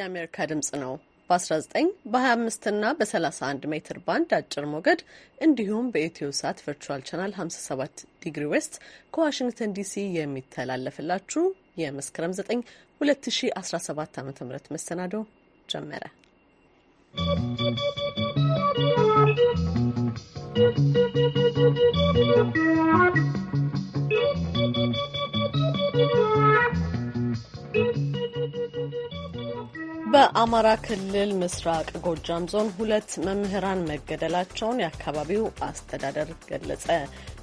የአሜሪካ ድምጽ ነው። በ19 በ25 እና በ31 ሜትር ባንድ አጭር ሞገድ እንዲሁም በኢትዮ ሳት ቨርቹዋል ቻናል 57 ዲግሪ ዌስት ከዋሽንግተን ዲሲ የሚተላለፍላችሁ የመስከረም 9 2017 ዓ ም መሰናዶ ጀመረ። ¶¶ በአማራ ክልል ምስራቅ ጎጃም ዞን ሁለት መምህራን መገደላቸውን የአካባቢው አስተዳደር ገለጸ።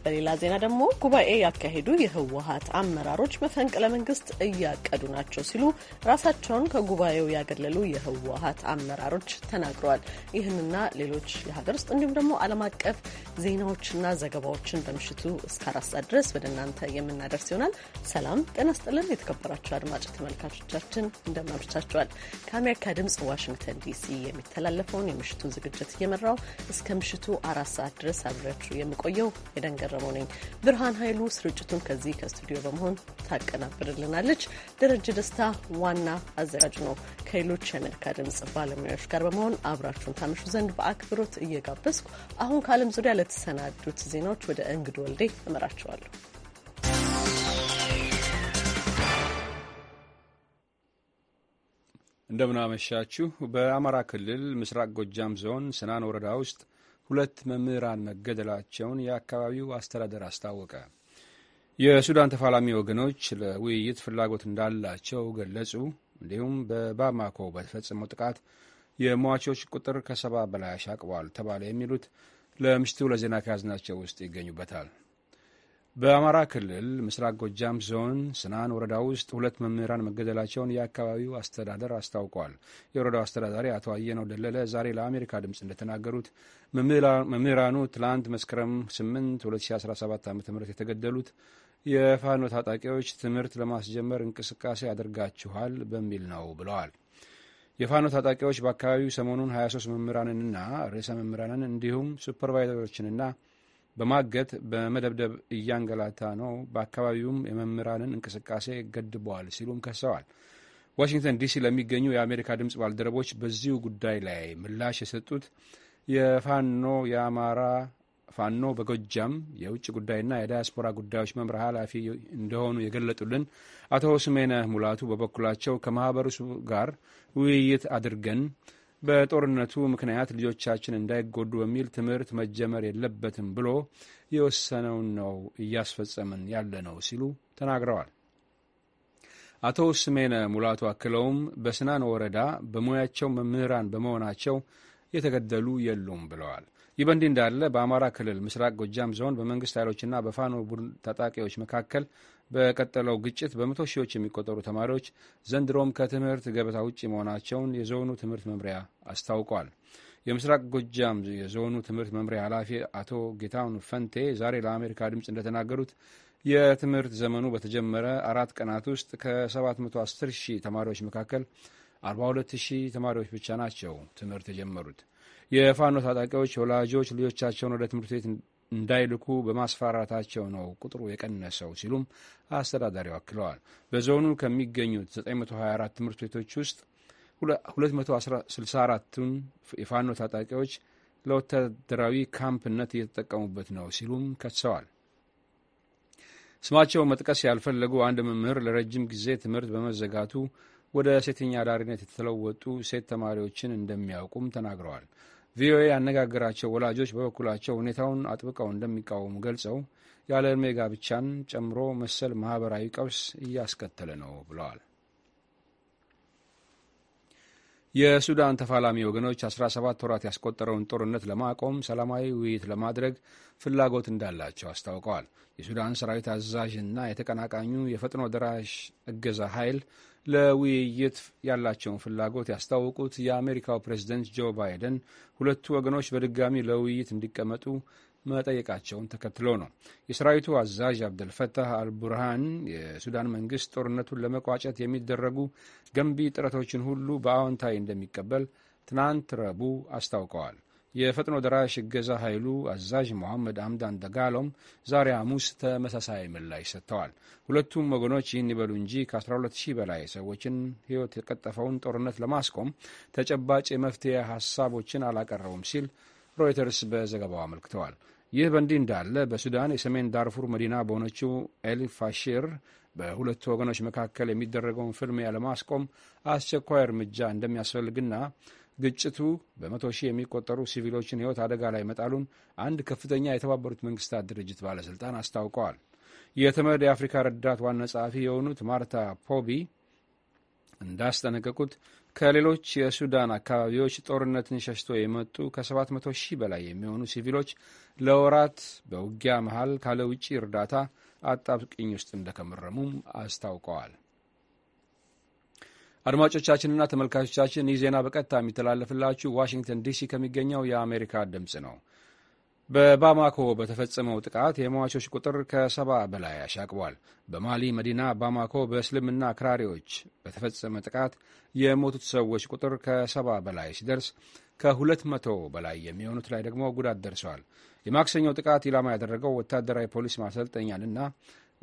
በሌላ ዜና ደግሞ ጉባኤ ያካሄዱ የህወሀት አመራሮች መፈንቅለ መንግስት እያቀዱ ናቸው ሲሉ ራሳቸውን ከጉባኤው ያገለሉ የህወሀት አመራሮች ተናግረዋል። ይህንና ሌሎች የሀገር ውስጥ እንዲሁም ደግሞ ዓለም አቀፍ ዜናዎችና ዘገባዎችን በምሽቱ እስከ አራት ሰዓት ድረስ ወደ እናንተ የምናደርስ ይሆናል። ሰላም ጤና ስጥልን። የተከበራቸው አድማጭ ተመልካቾቻችን እንደምናምሽታችኋል። ከአሜሪካ ድምጽ ዋሽንግተን ዲሲ የሚተላለፈውን የምሽቱን ዝግጅት እየመራው እስከ ምሽቱ አራት ሰዓት ድረስ አብሬያችሁ የምቆየው የደንገረ አስገረመው ነኝ። ብርሃን ኃይሉ ስርጭቱን ከዚህ ከስቱዲዮ በመሆን ታቀናብርልናለች። ደረጀ ደስታ ዋና አዘጋጅ ነው። ከሌሎች የአሜሪካ ድምጽ ባለሙያዎች ጋር በመሆን አብራችሁን ታመሹ ዘንድ በአክብሮት እየጋበዝኩ አሁን ከዓለም ዙሪያ ለተሰናዱት ዜናዎች ወደ እንግድ ወልዴ እመራቸዋለሁ። እንደምናመሻችሁ። በአማራ ክልል ምስራቅ ጎጃም ዞን ስናን ወረዳ ውስጥ ሁለት መምህራን መገደላቸውን የአካባቢው አስተዳደር አስታወቀ። የሱዳን ተፋላሚ ወገኖች ለውይይት ፍላጎት እንዳላቸው ገለጹ። እንዲሁም በባማኮ በተፈጸመው ጥቃት የሟቾች ቁጥር ከሰባ በላይ አሻቅቧል ተባለ። የሚሉት ለምሽቱ ለዜና ከያዝናቸው ውስጥ ይገኙበታል። በአማራ ክልል ምስራቅ ጎጃም ዞን ስናን ወረዳ ውስጥ ሁለት መምህራን መገደላቸውን የአካባቢው አስተዳደር አስታውቋል። የወረዳው አስተዳዳሪ አቶ አየነው ደለለ ዛሬ ለአሜሪካ ድምፅ እንደተናገሩት መምህራኑ ትላንት መስከረም 8 2017 ዓ ም የተገደሉት የፋኖ ታጣቂዎች ትምህርት ለማስጀመር እንቅስቃሴ አድርጋችኋል በሚል ነው ብለዋል። የፋኖ ታጣቂዎች በአካባቢው ሰሞኑን 23 መምህራንንና ርዕሰ መምህራንን እንዲሁም ሱፐርቫይዘሮችንና በማገት በመደብደብ እያንገላታ ነው። በአካባቢውም የመምህራንን እንቅስቃሴ ገድበዋል ሲሉም ከሰዋል። ዋሽንግተን ዲሲ ለሚገኙ የአሜሪካ ድምፅ ባልደረቦች በዚሁ ጉዳይ ላይ ምላሽ የሰጡት የፋኖ የአማራ ፋኖ በጎጃም የውጭ ጉዳይና የዳያስፖራ ጉዳዮች መምሪያ ኃላፊ እንደሆኑ የገለጡልን አቶ ስሜነህ ሙላቱ በበኩላቸው ከማህበረሰቡ ጋር ውይይት አድርገን በጦርነቱ ምክንያት ልጆቻችን እንዳይጎዱ በሚል ትምህርት መጀመር የለበትም ብሎ የወሰነውን ነው እያስፈጸምን ያለ ነው ሲሉ ተናግረዋል። አቶ ስሜነ ሙላቱ አክለውም በስናን ወረዳ በሙያቸው መምህራን በመሆናቸው የተገደሉ የሉም ብለዋል። ይህ በእንዲህ እንዳለ በአማራ ክልል ምስራቅ ጎጃም ዞን በመንግስት ኃይሎችና በፋኖ ቡድን ታጣቂዎች መካከል በቀጠለው ግጭት በመቶ ሺዎች የሚቆጠሩ ተማሪዎች ዘንድሮም ከትምህርት ገበታ ውጭ መሆናቸውን የዞኑ ትምህርት መምሪያ አስታውቋል። የምስራቅ ጎጃም የዞኑ ትምህርት መምሪያ ኃላፊ አቶ ጌታሁን ፈንቴ ዛሬ ለአሜሪካ ድምፅ እንደተናገሩት የትምህርት ዘመኑ በተጀመረ አራት ቀናት ውስጥ ከ710 ሺህ ተማሪዎች መካከል 42 ሺህ ተማሪዎች ብቻ ናቸው ትምህርት የጀመሩት። የፋኖ ታጣቂዎች ወላጆች ልጆቻቸውን ወደ ትምህርት ቤት እንዳይልኩ በማስፈራራታቸው ነው ቁጥሩ የቀነሰው ሲሉም አስተዳዳሪው አክለዋል። በዞኑ ከሚገኙት 924 ትምህርት ቤቶች ውስጥ 264ቱን የፋኖ ታጣቂዎች ለወታደራዊ ካምፕነት እየተጠቀሙበት ነው ሲሉም ከሰዋል። ስማቸው መጥቀስ ያልፈለጉ አንድ መምህር ለረጅም ጊዜ ትምህርት በመዘጋቱ ወደ ሴተኛ አዳሪነት የተለወጡ ሴት ተማሪዎችን እንደሚያውቁም ተናግረዋል። ቪኦኤ ያነጋገራቸው ወላጆች በበኩላቸው ሁኔታውን አጥብቀው እንደሚቃወሙ ገልጸው ያለ ዕድሜ ጋብቻን ጨምሮ መሰል ማህበራዊ ቀውስ እያስከተለ ነው ብለዋል። የሱዳን ተፋላሚ ወገኖች 17 ወራት ያስቆጠረውን ጦርነት ለማቆም ሰላማዊ ውይይት ለማድረግ ፍላጎት እንዳላቸው አስታውቀዋል። የሱዳን ሰራዊት አዛዥ እና የተቀናቃኙ የፈጥኖ ደራሽ እገዛ ኃይል ለውይይት ያላቸውን ፍላጎት ያስታወቁት የአሜሪካው ፕሬዝደንት ጆ ባይደን ሁለቱ ወገኖች በድጋሚ ለውይይት እንዲቀመጡ መጠየቃቸውን ተከትሎ ነው። የሰራዊቱ አዛዥ አብደልፈታህ አልቡርሃን የሱዳን መንግስት ጦርነቱን ለመቋጨት የሚደረጉ ገንቢ ጥረቶችን ሁሉ በአዎንታዊ እንደሚቀበል ትናንት ረቡዕ አስታውቀዋል። የፈጥኖ ደራሽ እገዛ ኃይሉ አዛዥ መሐመድ አምዳን ደጋሎም ዛሬ ሐሙስ ተመሳሳይ ምላሽ ሰጥተዋል። ሁለቱም ወገኖች ይህን ይበሉ እንጂ ከ12 በላይ ሰዎችን ሕይወት የቀጠፈውን ጦርነት ለማስቆም ተጨባጭ የመፍትሄ ሀሳቦችን አላቀረቡም ሲል ሮይተርስ በዘገባው አመልክተዋል። ይህ በእንዲህ እንዳለ በሱዳን የሰሜን ዳርፉር መዲና በሆነችው ኤልፋሽር በሁለቱ ወገኖች መካከል የሚደረገውን ፍልሚያ ለማስቆም አስቸኳይ እርምጃ እንደሚያስፈልግና ግጭቱ በመቶ ሺህ የሚቆጠሩ ሲቪሎችን ሕይወት አደጋ ላይ መጣሉን አንድ ከፍተኛ የተባበሩት መንግስታት ድርጅት ባለሥልጣን አስታውቀዋል። የተመድ የአፍሪካ ረዳት ዋና ጸሐፊ የሆኑት ማርታ ፖቢ እንዳስጠነቀቁት ከሌሎች የሱዳን አካባቢዎች ጦርነትን ሸሽቶ የመጡ ከ700 ሺህ በላይ የሚሆኑ ሲቪሎች ለወራት በውጊያ መሃል ካለ ውጪ እርዳታ አጣብቅኝ ውስጥ እንደከመረሙም አስታውቀዋል። አድማጮቻችንና ተመልካቾቻችን ይህ ዜና በቀጥታ የሚተላለፍላችሁ ዋሽንግተን ዲሲ ከሚገኘው የአሜሪካ ድምፅ ነው። በባማኮ በተፈጸመው ጥቃት የሟቾች ቁጥር ከሰባ በላይ አሻቅቧል። በማሊ መዲና ባማኮ በእስልምና አክራሪዎች በተፈጸመ ጥቃት የሞቱት ሰዎች ቁጥር ከሰባ በላይ ሲደርስ ከሁለት መቶ በላይ የሚሆኑት ላይ ደግሞ ጉዳት ደርሰዋል። የማክሰኛው ጥቃት ኢላማ ያደረገው ወታደራዊ ፖሊስ ማሰልጠኛንና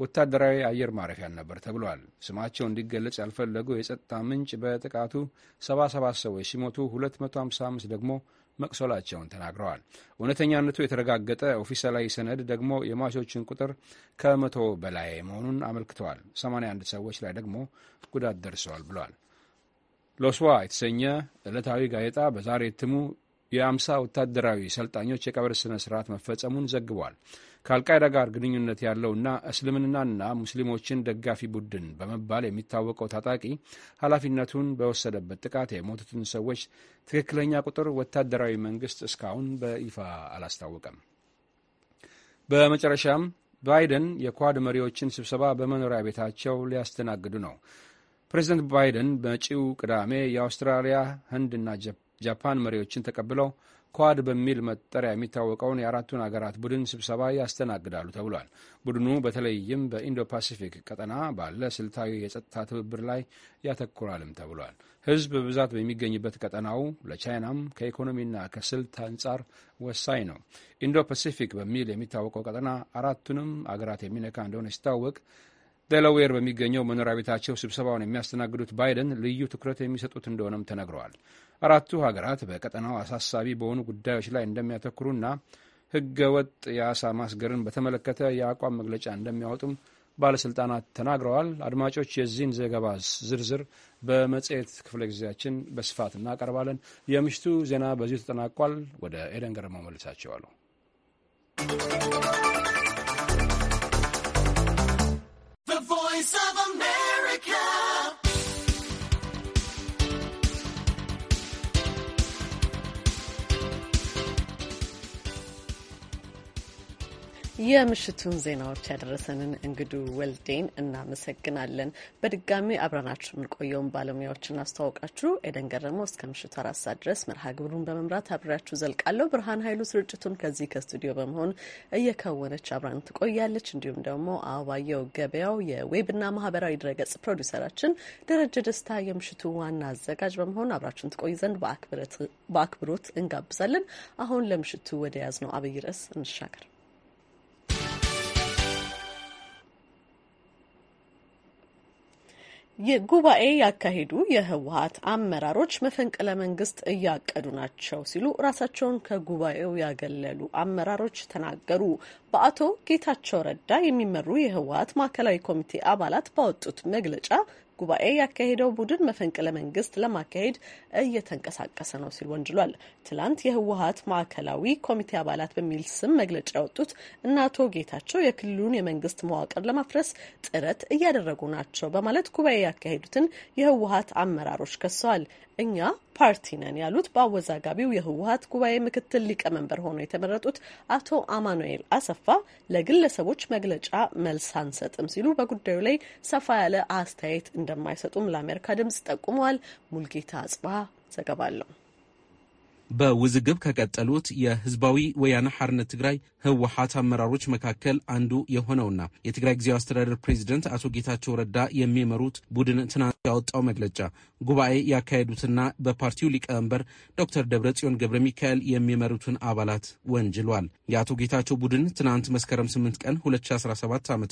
ወታደራዊ አየር ማረፊያን ነበር ተብሏል። ስማቸው እንዲገለጽ ያልፈለጉ የጸጥታ ምንጭ በጥቃቱ 77 ሰዎች ሲሞቱ 255 ደግሞ መቁሰላቸውን ተናግረዋል። እውነተኛነቱ የተረጋገጠ ኦፊሴላዊ ሰነድ ደግሞ የሟቾችን ቁጥር ከመቶ በላይ መሆኑን አመልክተዋል። 81 ሰዎች ላይ ደግሞ ጉዳት ደርሰዋል ብሏል። ሎስዋ የተሰኘ ዕለታዊ ጋዜጣ በዛሬ እትሙ የአምሳ ወታደራዊ ሰልጣኞች የቀብር ስነ ስርዓት መፈጸሙን ዘግቧል። ከአልቃይዳ ጋር ግንኙነት ያለውና እስልምናና ሙስሊሞችን ደጋፊ ቡድን በመባል የሚታወቀው ታጣቂ ኃላፊነቱን በወሰደበት ጥቃት የሞቱትን ሰዎች ትክክለኛ ቁጥር ወታደራዊ መንግስት እስካሁን በይፋ አላስታወቀም። በመጨረሻም ባይደን የኳድ መሪዎችን ስብሰባ በመኖሪያ ቤታቸው ሊያስተናግዱ ነው። ፕሬዚደንት ባይደን መጪው ቅዳሜ የአውስትራሊያ ህንድና ጃፓን መሪዎችን ተቀብለው ኳድ በሚል መጠሪያ የሚታወቀውን የአራቱን አገራት ቡድን ስብሰባ ያስተናግዳሉ ተብሏል። ቡድኑ በተለይም በኢንዶ ፓሲፊክ ቀጠና ባለ ስልታዊ የጸጥታ ትብብር ላይ ያተኩራልም ተብሏል። ሕዝብ በብዛት በሚገኝበት ቀጠናው ለቻይናም ከኢኮኖሚና ከስልት አንጻር ወሳኝ ነው። ኢንዶ ፓሲፊክ በሚል የሚታወቀው ቀጠና አራቱንም አገራት የሚነካ እንደሆነ ሲታወቅ ደለዌር በሚገኘው መኖሪያ ቤታቸው ስብሰባውን የሚያስተናግዱት ባይደን ልዩ ትኩረት የሚሰጡት እንደሆነም ተነግረዋል። አራቱ ሀገራት በቀጠናው አሳሳቢ በሆኑ ጉዳዮች ላይ እንደሚያተኩሩና ሕገ ወጥ የአሳ ማስገርን በተመለከተ የአቋም መግለጫ እንደሚያወጡም ባለሥልጣናት ተናግረዋል። አድማጮች የዚህን ዘገባ ዝርዝር በመጽሔት ክፍለ ጊዜያችን በስፋት እናቀርባለን። የምሽቱ ዜና በዚሁ ተጠናቋል። ወደ ኤደን ገረማ መልሳቸዋለሁ። የምሽቱን ዜናዎች ያደረሰንን እንግዱ ወልዴን እናመሰግናለን። በድጋሚ አብረናችሁ የምንቆየውን ባለሙያዎች እናስተዋውቃችሁ። ኤደን ገረመው እስከ ምሽቱ አራት ሰዓት ድረስ መርሃ ግብሩን በመምራት አብሬያችሁ ዘልቃለሁ። ብርሃን ኃይሉ ስርጭቱን ከዚህ ከስቱዲዮ በመሆን እየከወነች አብራን ትቆያለች። እንዲሁም ደግሞ አበባየው ገበያው የዌብና ማህበራዊ ድረገጽ ፕሮዲውሰራችን፣ ደረጀ ደስታ የምሽቱ ዋና አዘጋጅ በመሆን አብራችሁን ትቆይ ዘንድ በአክብሮት እንጋብዛለን። አሁን ለምሽቱ ወደ ያዝነው አብይ ርዕስ እንሻገር። ጉባኤ ያካሄዱ የህወሀት አመራሮች መፈንቅለ መንግስት እያቀዱ ናቸው ሲሉ ራሳቸውን ከጉባኤው ያገለሉ አመራሮች ተናገሩ። በአቶ ጌታቸው ረዳ የሚመሩ የህወሀት ማዕከላዊ ኮሚቴ አባላት ባወጡት መግለጫ ጉባኤ ያካሄደው ቡድን መፈንቅለ መንግስት ለማካሄድ እየተንቀሳቀሰ ነው ሲል ወንጅሏል። ትላንት የህወሀት ማዕከላዊ ኮሚቴ አባላት በሚል ስም መግለጫ ያወጡት እና አቶ ጌታቸው የክልሉን የመንግስት መዋቅር ለማፍረስ ጥረት እያደረጉ ናቸው በማለት ጉባኤ ያካሄዱትን የህወሀት አመራሮች ከሰዋል። እኛ ፓርቲ ነን ያሉት በአወዛጋቢው የህወሀት ጉባኤ ምክትል ሊቀመንበር ሆነው የተመረጡት አቶ አማኑኤል አሰፋ ለግለሰቦች መግለጫ መልስ አንሰጥም ሲሉ በጉዳዩ ላይ ሰፋ ያለ አስተያየት እንደማይሰጡም ለአሜሪካ ድምጽ ጠቁመዋል። ሙልጌታ አጽባ ዘገባ አለው። በውዝግብ ከቀጠሉት የህዝባዊ ወያነ ሐርነት ትግራይ ህወሀት አመራሮች መካከል አንዱ የሆነውና የትግራይ ጊዜያዊ አስተዳደር ፕሬዚደንት አቶ ጌታቸው ረዳ የሚመሩት ቡድን ትናንት ያወጣው መግለጫ ጉባኤ ያካሄዱትና በፓርቲው ሊቀመንበር ዶክተር ጽዮን ገብረ ሚካኤል የሚመሩትን አባላት ወንጅሏል። የአቶ ጌታቸው ቡድን ትናንት መስከረም 8 ቀን 2017 ዓ ም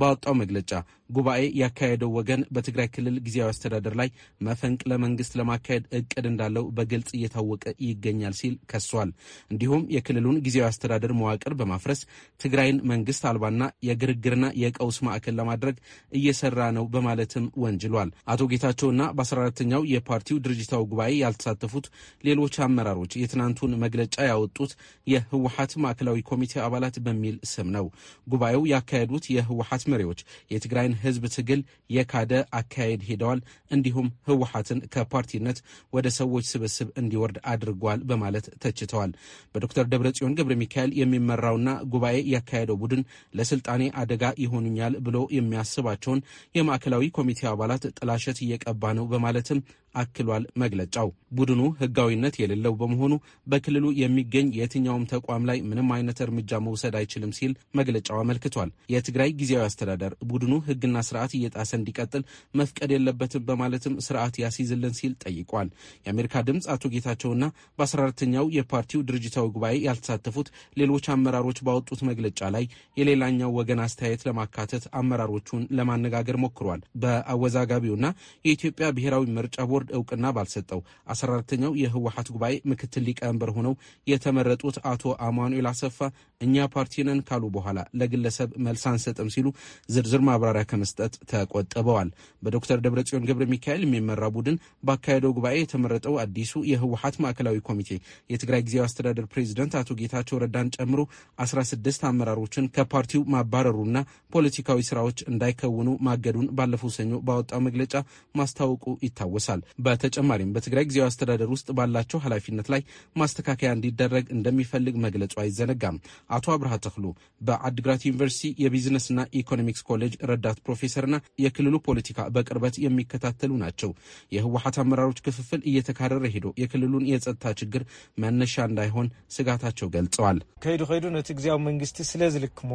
ባወጣው መግለጫ ጉባኤ ያካሄደው ወገን በትግራይ ክልል ጊዜያዊ አስተዳደር ላይ መፈንቅለ መንግስት ለማካሄድ እቅድ እንዳለው በግልጽ እየታወቀ ይገኛል ሲል ከሷል። እንዲሁም የክልሉን ጊዜያዊ አስተዳደር መዋቅር በማፍረስ ትግራይን መንግስት አልባና የግርግርና የቀውስ ማዕከል ለማድረግ እየሰራ ነው በማለትም ወንጅሏል። አቶ ጌታቸውና በ14ተኛው የፓርቲው ድርጅታዊ ጉባኤ ያልተሳተፉት ሌሎች አመራሮች የትናንቱን መግለጫ ያወጡት የህወሀት ማዕከላዊ ኮሚቴ አባላት በሚል ስም ነው። ጉባኤው ያካሄዱት የህወሀት መሪዎች የትግራይን ህዝብ ትግል የካደ አካሄድ ሄደዋል፣ እንዲሁም ህወሀትን ከፓርቲነት ወደ ሰዎች ስብስብ እንዲወርድ አድ አድርጓል በማለት ተችተዋል። በዶክተር ደብረጽዮን ገብረ ሚካኤል የሚመራውና ጉባኤ ያካሄደው ቡድን ለስልጣኔ አደጋ ይሆኑኛል ብሎ የሚያስባቸውን የማዕከላዊ ኮሚቴ አባላት ጥላሸት እየቀባ ነው በማለትም አክሏል መግለጫው። ቡድኑ ህጋዊነት የሌለው በመሆኑ በክልሉ የሚገኝ የትኛውም ተቋም ላይ ምንም አይነት እርምጃ መውሰድ አይችልም ሲል መግለጫው አመልክቷል። የትግራይ ጊዜያዊ አስተዳደር ቡድኑ ህግና ስርዓት እየጣሰ እንዲቀጥል መፍቀድ የለበትም በማለትም ስርዓት ያስይዝልን ሲል ጠይቋል። የአሜሪካ ድምፅ አቶ ጌታቸውና በ14ተኛው የፓርቲው ድርጅታዊ ጉባኤ ያልተሳተፉት ሌሎች አመራሮች ባወጡት መግለጫ ላይ የሌላኛው ወገን አስተያየት ለማካተት አመራሮቹን ለማነጋገር ሞክሯል። በአወዛጋቢውና የኢትዮጵያ ብሔራዊ ምርጫ ቦርድ ቦርድ እውቅና ባልሰጠው 14ተኛው የህወሀት ጉባኤ ምክትል ሊቀመንበር ሆነው የተመረጡት አቶ አማኑኤል አሰፋ እኛ ፓርቲነን ካሉ በኋላ ለግለሰብ መልስ አንሰጥም ሲሉ ዝርዝር ማብራሪያ ከመስጠት ተቆጥበዋል። በዶክተር ደብረጽዮን ገብረ ሚካኤል የሚመራ ቡድን ባካሄደው ጉባኤ የተመረጠው አዲሱ የህወሀት ማዕከላዊ ኮሚቴ የትግራይ ጊዜያዊ አስተዳደር ፕሬዚደንት አቶ ጌታቸው ረዳን ጨምሮ 16 አመራሮችን ከፓርቲው ማባረሩና ፖለቲካዊ ስራዎች እንዳይከውኑ ማገዱን ባለፈው ሰኞ ባወጣው መግለጫ ማስታወቁ ይታወሳል። በተጨማሪም በትግራይ ጊዜያዊ አስተዳደር ውስጥ ባላቸው ኃላፊነት ላይ ማስተካከያ እንዲደረግ እንደሚፈልግ መግለጹ አይዘነጋም። አቶ አብርሃ ተክሉ በአድግራት ዩኒቨርሲቲ የቢዝነስና ኢኮኖሚክስ ኮሌጅ ረዳት ፕሮፌሰርና የክልሉ ፖለቲካ በቅርበት የሚከታተሉ ናቸው። የህወሀት አመራሮች ክፍፍል እየተካረረ ሄዶ የክልሉን የጸጥታ ችግር መነሻ እንዳይሆን ስጋታቸው ገልጸዋል። ከይዱ ከይዱ ነቲ ግዜያዊ መንግስቲ ስለ ዝልክሞ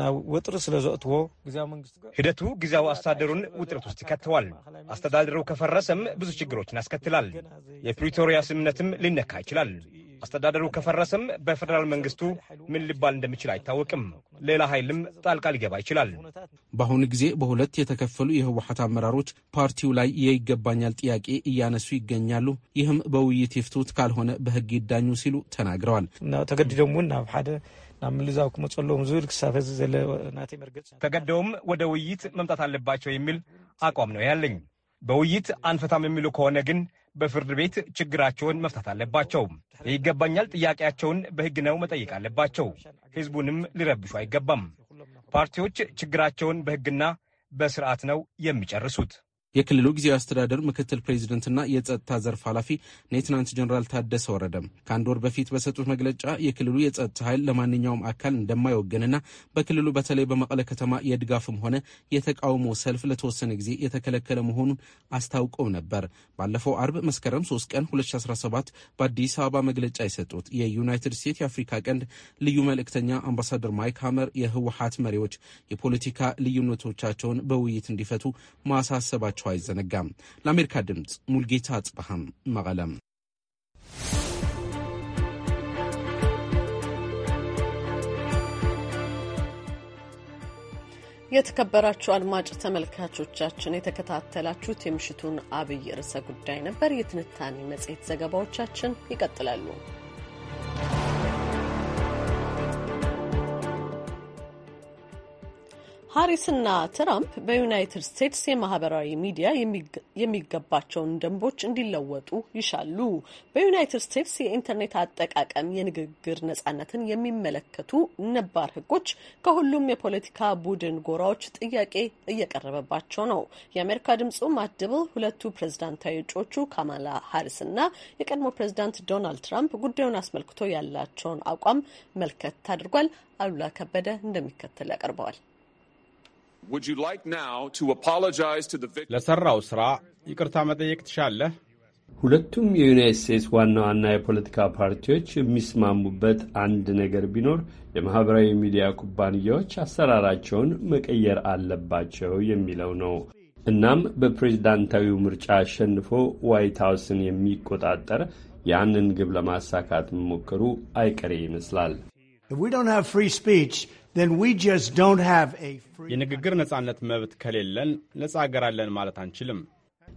ናብ ውጥር ስለ ዘእትዎ ሂደቱ ጊዜያዊ አስተዳደሩን ውጥረት ውስጥ ይከተዋል። አስተዳደሩ ከፈረሰም ብዙ ችግሮችን ያስከትላል። የፕሪቶሪያ ስምምነትም ሊነካ ይችላል። አስተዳደሩ ከፈረሰም በፌዴራል መንግስቱ ምን ሊባል እንደሚችል አይታወቅም። ሌላ ኃይልም ጣልቃ ሊገባ ይችላል። በአሁኑ ጊዜ በሁለት የተከፈሉ የህወሓት አመራሮች ፓርቲው ላይ የይገባኛል ጥያቄ እያነሱ ይገኛሉ። ይህም በውይይት ይፍቱት ካልሆነ በህግ ይዳኙ ሲሉ ተናግረዋል። ተገዲዶም እውን ናብ ሓደ ተገደውም ወደ ውይይት መምጣት አለባቸው የሚል አቋም ነው ያለኝ። በውይይት አንፈታም የሚሉ ከሆነ ግን በፍርድ ቤት ችግራቸውን መፍታት አለባቸው። ይገባኛል ጥያቄያቸውን በሕግ ነው መጠየቅ አለባቸው። ሕዝቡንም ሊረብሹ አይገባም። ፓርቲዎች ችግራቸውን በሕግና በስርዓት ነው የሚጨርሱት። የክልሉ ጊዜያዊ አስተዳደር ምክትል ፕሬዚደንትና የጸጥታ ዘርፍ ኃላፊ ሌትናንት ጀኔራል ታደሰ ወረደም ከአንድ ወር በፊት በሰጡት መግለጫ የክልሉ የጸጥታ ኃይል ለማንኛውም አካል እንደማይወገንና በክልሉ በተለይ በመቀለ ከተማ የድጋፍም ሆነ የተቃውሞ ሰልፍ ለተወሰነ ጊዜ የተከለከለ መሆኑን አስታውቀው ነበር። ባለፈው አርብ መስከረም 3 ቀን 2017 በአዲስ አበባ መግለጫ የሰጡት የዩናይትድ ስቴትስ የአፍሪካ ቀንድ ልዩ መልእክተኛ አምባሳደር ማይክ ሀመር የህወሀት መሪዎች የፖለቲካ ልዩነቶቻቸውን በውይይት እንዲፈቱ ማሳሰባቸው መሆናቸው አይዘነጋም። ለአሜሪካ ድምፅ ሙልጌታ አጽበሃም መቀለም። የተከበራችሁ አድማጭ ተመልካቾቻችን የተከታተላችሁት የምሽቱን አብይ ርዕሰ ጉዳይ ነበር። የትንታኔ መጽሔት ዘገባዎቻችን ይቀጥላሉ። ሀሪስና ትራምፕ በዩናይትድ ስቴትስ የማህበራዊ ሚዲያ የሚገባቸውን ደንቦች እንዲለወጡ ይሻሉ። በዩናይትድ ስቴትስ የኢንተርኔት አጠቃቀም የንግግር ነጻነትን የሚመለከቱ ነባር ሕጎች ከሁሉም የፖለቲካ ቡድን ጎራዎች ጥያቄ እየቀረበባቸው ነው። የአሜሪካ ድምጹ ማድብል ሁለቱ ፕሬዝዳንታዊ እጩዎቹ ካማላ ሀሪስና የቀድሞ ፕሬዝዳንት ዶናልድ ትራምፕ ጉዳዩን አስመልክቶ ያላቸውን አቋም መልከት አድርጓል። አሉላ ከበደ እንደሚከተል ያቀርበዋል። ለሰራው ስራ ይቅርታ መጠየቅ ትሻለህ? ሁለቱም የዩናይት ስቴትስ ዋና ዋና የፖለቲካ ፓርቲዎች የሚስማሙበት አንድ ነገር ቢኖር የማኅበራዊ ሚዲያ ኩባንያዎች አሰራራቸውን መቀየር አለባቸው የሚለው ነው። እናም በፕሬዝዳንታዊው ምርጫ አሸንፎ ዋይት ሀውስን የሚቆጣጠር ያንን ግብ ለማሳካት መሞከሩ አይቀሬ ይመስላል። የንግግር ነጻነት መብት ከሌለን ነጻ አገር አለን ማለት አንችልም።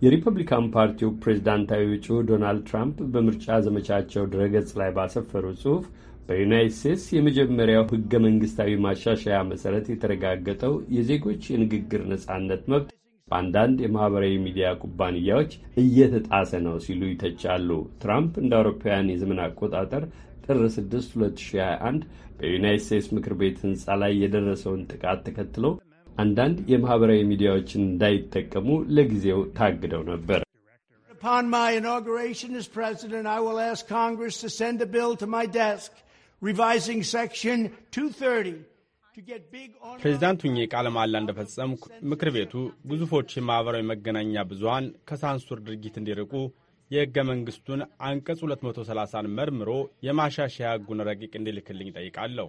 የሪፐብሊካን ፓርቲው ፕሬዝዳንታዊ እጩ ዶናልድ ትራምፕ በምርጫ ዘመቻቸው ድረገጽ ላይ ባሰፈሩ ጽሑፍ በዩናይት ስቴትስ የመጀመሪያው ህገ መንግስታዊ ማሻሻያ መሠረት የተረጋገጠው የዜጎች የንግግር ነጻነት መብት በአንዳንድ የማኅበራዊ ሚዲያ ኩባንያዎች እየተጣሰ ነው ሲሉ ይተቻሉ። ትራምፕ እንደ አውሮፓውያን የዘመን አቆጣጠር ጥር 6 2021 በዩናይት ስቴትስ ምክር ቤት ህንፃ ላይ የደረሰውን ጥቃት ተከትሎ አንዳንድ የማኅበራዊ ሚዲያዎችን እንዳይጠቀሙ ለጊዜው ታግደው ነበር። ፕሬዚዳንት ሁኜ ቃለ መሃላ እንደፈጸምኩ ምክር ቤቱ ግዙፎች የማኅበራዊ መገናኛ ብዙሃን ከሳንሱር ድርጊት እንዲርቁ የሕገ መንግሥቱን አንቀጽ 230ን መርምሮ የማሻሻያ ሕጉን ረቂቅ እንዲልክልኝ ጠይቃለሁ።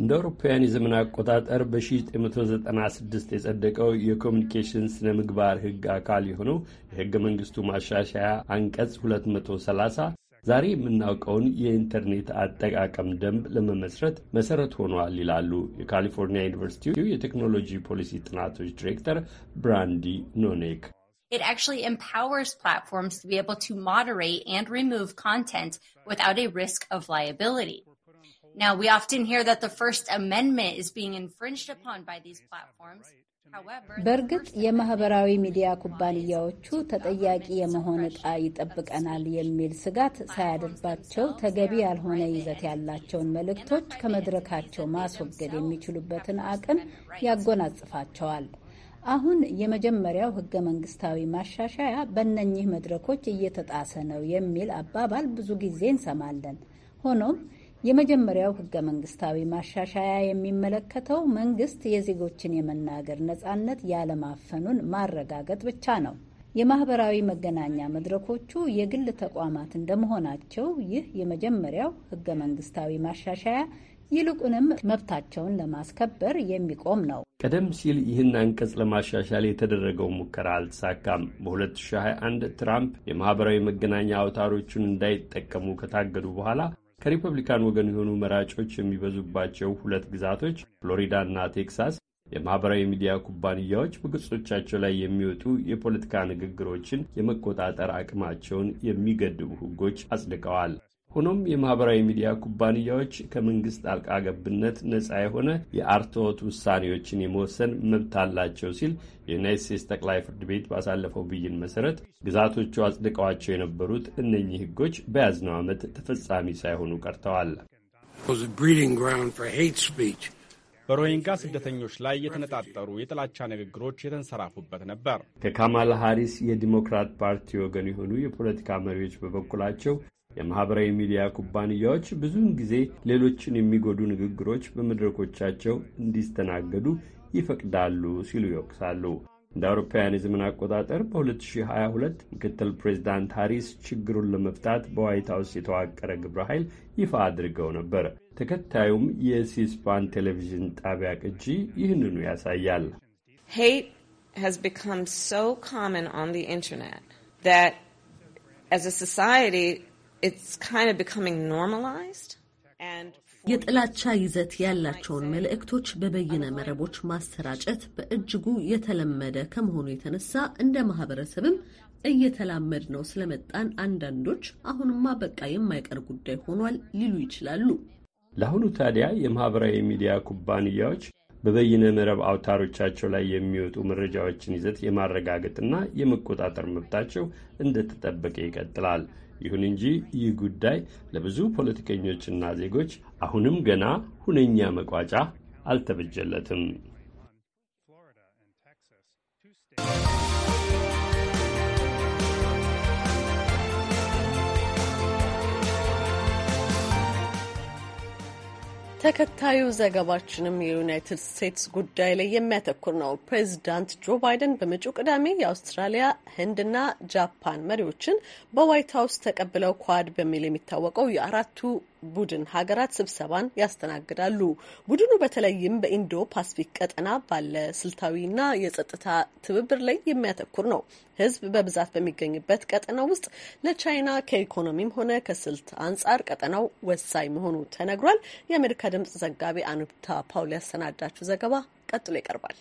እንደ አውሮፓውያን የዘመን አቆጣጠር በ1996 የጸደቀው የኮሚኒኬሽን ስነ ምግባር ሕግ አካል የሆነው የሕገ መንግሥቱ ማሻሻያ አንቀጽ 230 ዛሬ የምናውቀውን የኢንተርኔት አጠቃቀም ደንብ ለመመስረት መሰረት ሆኗል ይላሉ የካሊፎርኒያ ዩኒቨርሲቲው የቴክኖሎጂ ፖሊሲ ጥናቶች ዲሬክተር ብራንዲ ኖኔክ። It actually empowers platforms to be able to moderate and remove content without a risk of liability. Now, we often hear that the First Amendment is being infringed upon by these platforms. በእርግጥ የማህበራዊ ሚዲያ ኩባንያዎቹ ተጠያቂ የመሆን ዕጣ ይጠብቀናል የሚል ስጋት ሳያድርባቸው ተገቢ ያልሆነ ይዘት ያላቸውን መልእክቶች ከመድረካቸው ማስወገድ የሚችሉበትን አቅም ያጎናጽፋቸዋል። አሁን የመጀመሪያው ህገ መንግስታዊ ማሻሻያ በእነኚህ መድረኮች እየተጣሰ ነው የሚል አባባል ብዙ ጊዜ እንሰማለን። ሆኖም የመጀመሪያው ህገ መንግስታዊ ማሻሻያ የሚመለከተው መንግስት የዜጎችን የመናገር ነጻነት ያለማፈኑን ማረጋገጥ ብቻ ነው። የማህበራዊ መገናኛ መድረኮቹ የግል ተቋማት እንደመሆናቸው ይህ የመጀመሪያው ህገ መንግስታዊ ማሻሻያ ይልቁንም መብታቸውን ለማስከበር የሚቆም ነው። ቀደም ሲል ይህን አንቀጽ ለማሻሻል የተደረገው ሙከራ አልተሳካም። በ2021 ትራምፕ የማኅበራዊ መገናኛ አውታሮቹን እንዳይጠቀሙ ከታገዱ በኋላ ከሪፐብሊካን ወገን የሆኑ መራጮች የሚበዙባቸው ሁለት ግዛቶች ፍሎሪዳና ቴክሳስ የማኅበራዊ ሚዲያ ኩባንያዎች በገጾቻቸው ላይ የሚወጡ የፖለቲካ ንግግሮችን የመቆጣጠር አቅማቸውን የሚገድቡ ሕጎች አጽድቀዋል። ሆኖም የማህበራዊ ሚዲያ ኩባንያዎች ከመንግስት ጣልቃ ገብነት ነፃ የሆነ የአርትዖት ውሳኔዎችን የመወሰን መብት አላቸው ሲል የዩናይት ስቴትስ ጠቅላይ ፍርድ ቤት ባሳለፈው ብይን መሰረት ግዛቶቹ አጽድቀዋቸው የነበሩት እነኚህ ህጎች በያዝነው ዓመት ተፈጻሚ ሳይሆኑ ቀርተዋል። በሮሂንጋ ስደተኞች ላይ የተነጣጠሩ የጥላቻ ንግግሮች የተንሰራፉበት ነበር። ከካማላ ሃሪስ የዲሞክራት ፓርቲ ወገን የሆኑ የፖለቲካ መሪዎች በበኩላቸው የማኅበራዊ ሚዲያ ኩባንያዎች ብዙውን ጊዜ ሌሎችን የሚጎዱ ንግግሮች በመድረኮቻቸው እንዲስተናገዱ ይፈቅዳሉ ሲሉ ይወቅሳሉ። እንደ አውሮፓውያን የዘመን አቆጣጠር በ2022 ምክትል ፕሬዚዳንት ሃሪስ ችግሩን ለመፍታት በዋይት ሀውስ የተዋቀረ ግብረ ኃይል ይፋ አድርገው ነበር። ተከታዩም የሲስፓን ቴሌቪዥን ጣቢያ ቅጂ ይህንኑ ያሳያል። ሄት has become so common on የጥላቻ ይዘት ያላቸውን መልእክቶች በበይነ መረቦች ማሰራጨት በእጅጉ የተለመደ ከመሆኑ የተነሳ እንደ ማህበረሰብም እየተላመድ ነው ስለመጣን አንዳንዶች አሁንማ በቃ የማይቀር ጉዳይ ሆኗል ሊሉ ይችላሉ። ለአሁኑ ታዲያ የማህበራዊ ሚዲያ ኩባንያዎች በበይነ መረብ አውታሮቻቸው ላይ የሚወጡ መረጃዎችን ይዘት የማረጋገጥና የመቆጣጠር መብታቸው እንደተጠበቀ ይቀጥላል። ይሁን እንጂ ይህ ጉዳይ ለብዙ ፖለቲከኞችና ዜጎች አሁንም ገና ሁነኛ መቋጫ አልተበጀለትም። ተከታዩ ዘገባችንም የዩናይትድ ስቴትስ ጉዳይ ላይ የሚያተኩር ነው። ፕሬዚዳንት ጆ ባይደን በመጪው ቅዳሜ የአውስትራሊያ ህንድና ጃፓን መሪዎችን በዋይት ሀውስ ተቀብለው ኳድ በሚል የሚታወቀው የአራቱ ቡድን ሀገራት ስብሰባን ያስተናግዳሉ። ቡድኑ በተለይም በኢንዶ ፓስፊክ ቀጠና ባለ ስልታዊና የጸጥታ ትብብር ላይ የሚያተኩር ነው። ህዝብ በብዛት በሚገኝበት ቀጠና ውስጥ ለቻይና ከኢኮኖሚም ሆነ ከስልት አንጻር ቀጠናው ወሳኝ መሆኑ ተነግሯል። የአሜሪካ ድምጽ ዘጋቢ አንብታ ፓውል ያሰናዳችው ዘገባ ቀጥሎ ይቀርባል።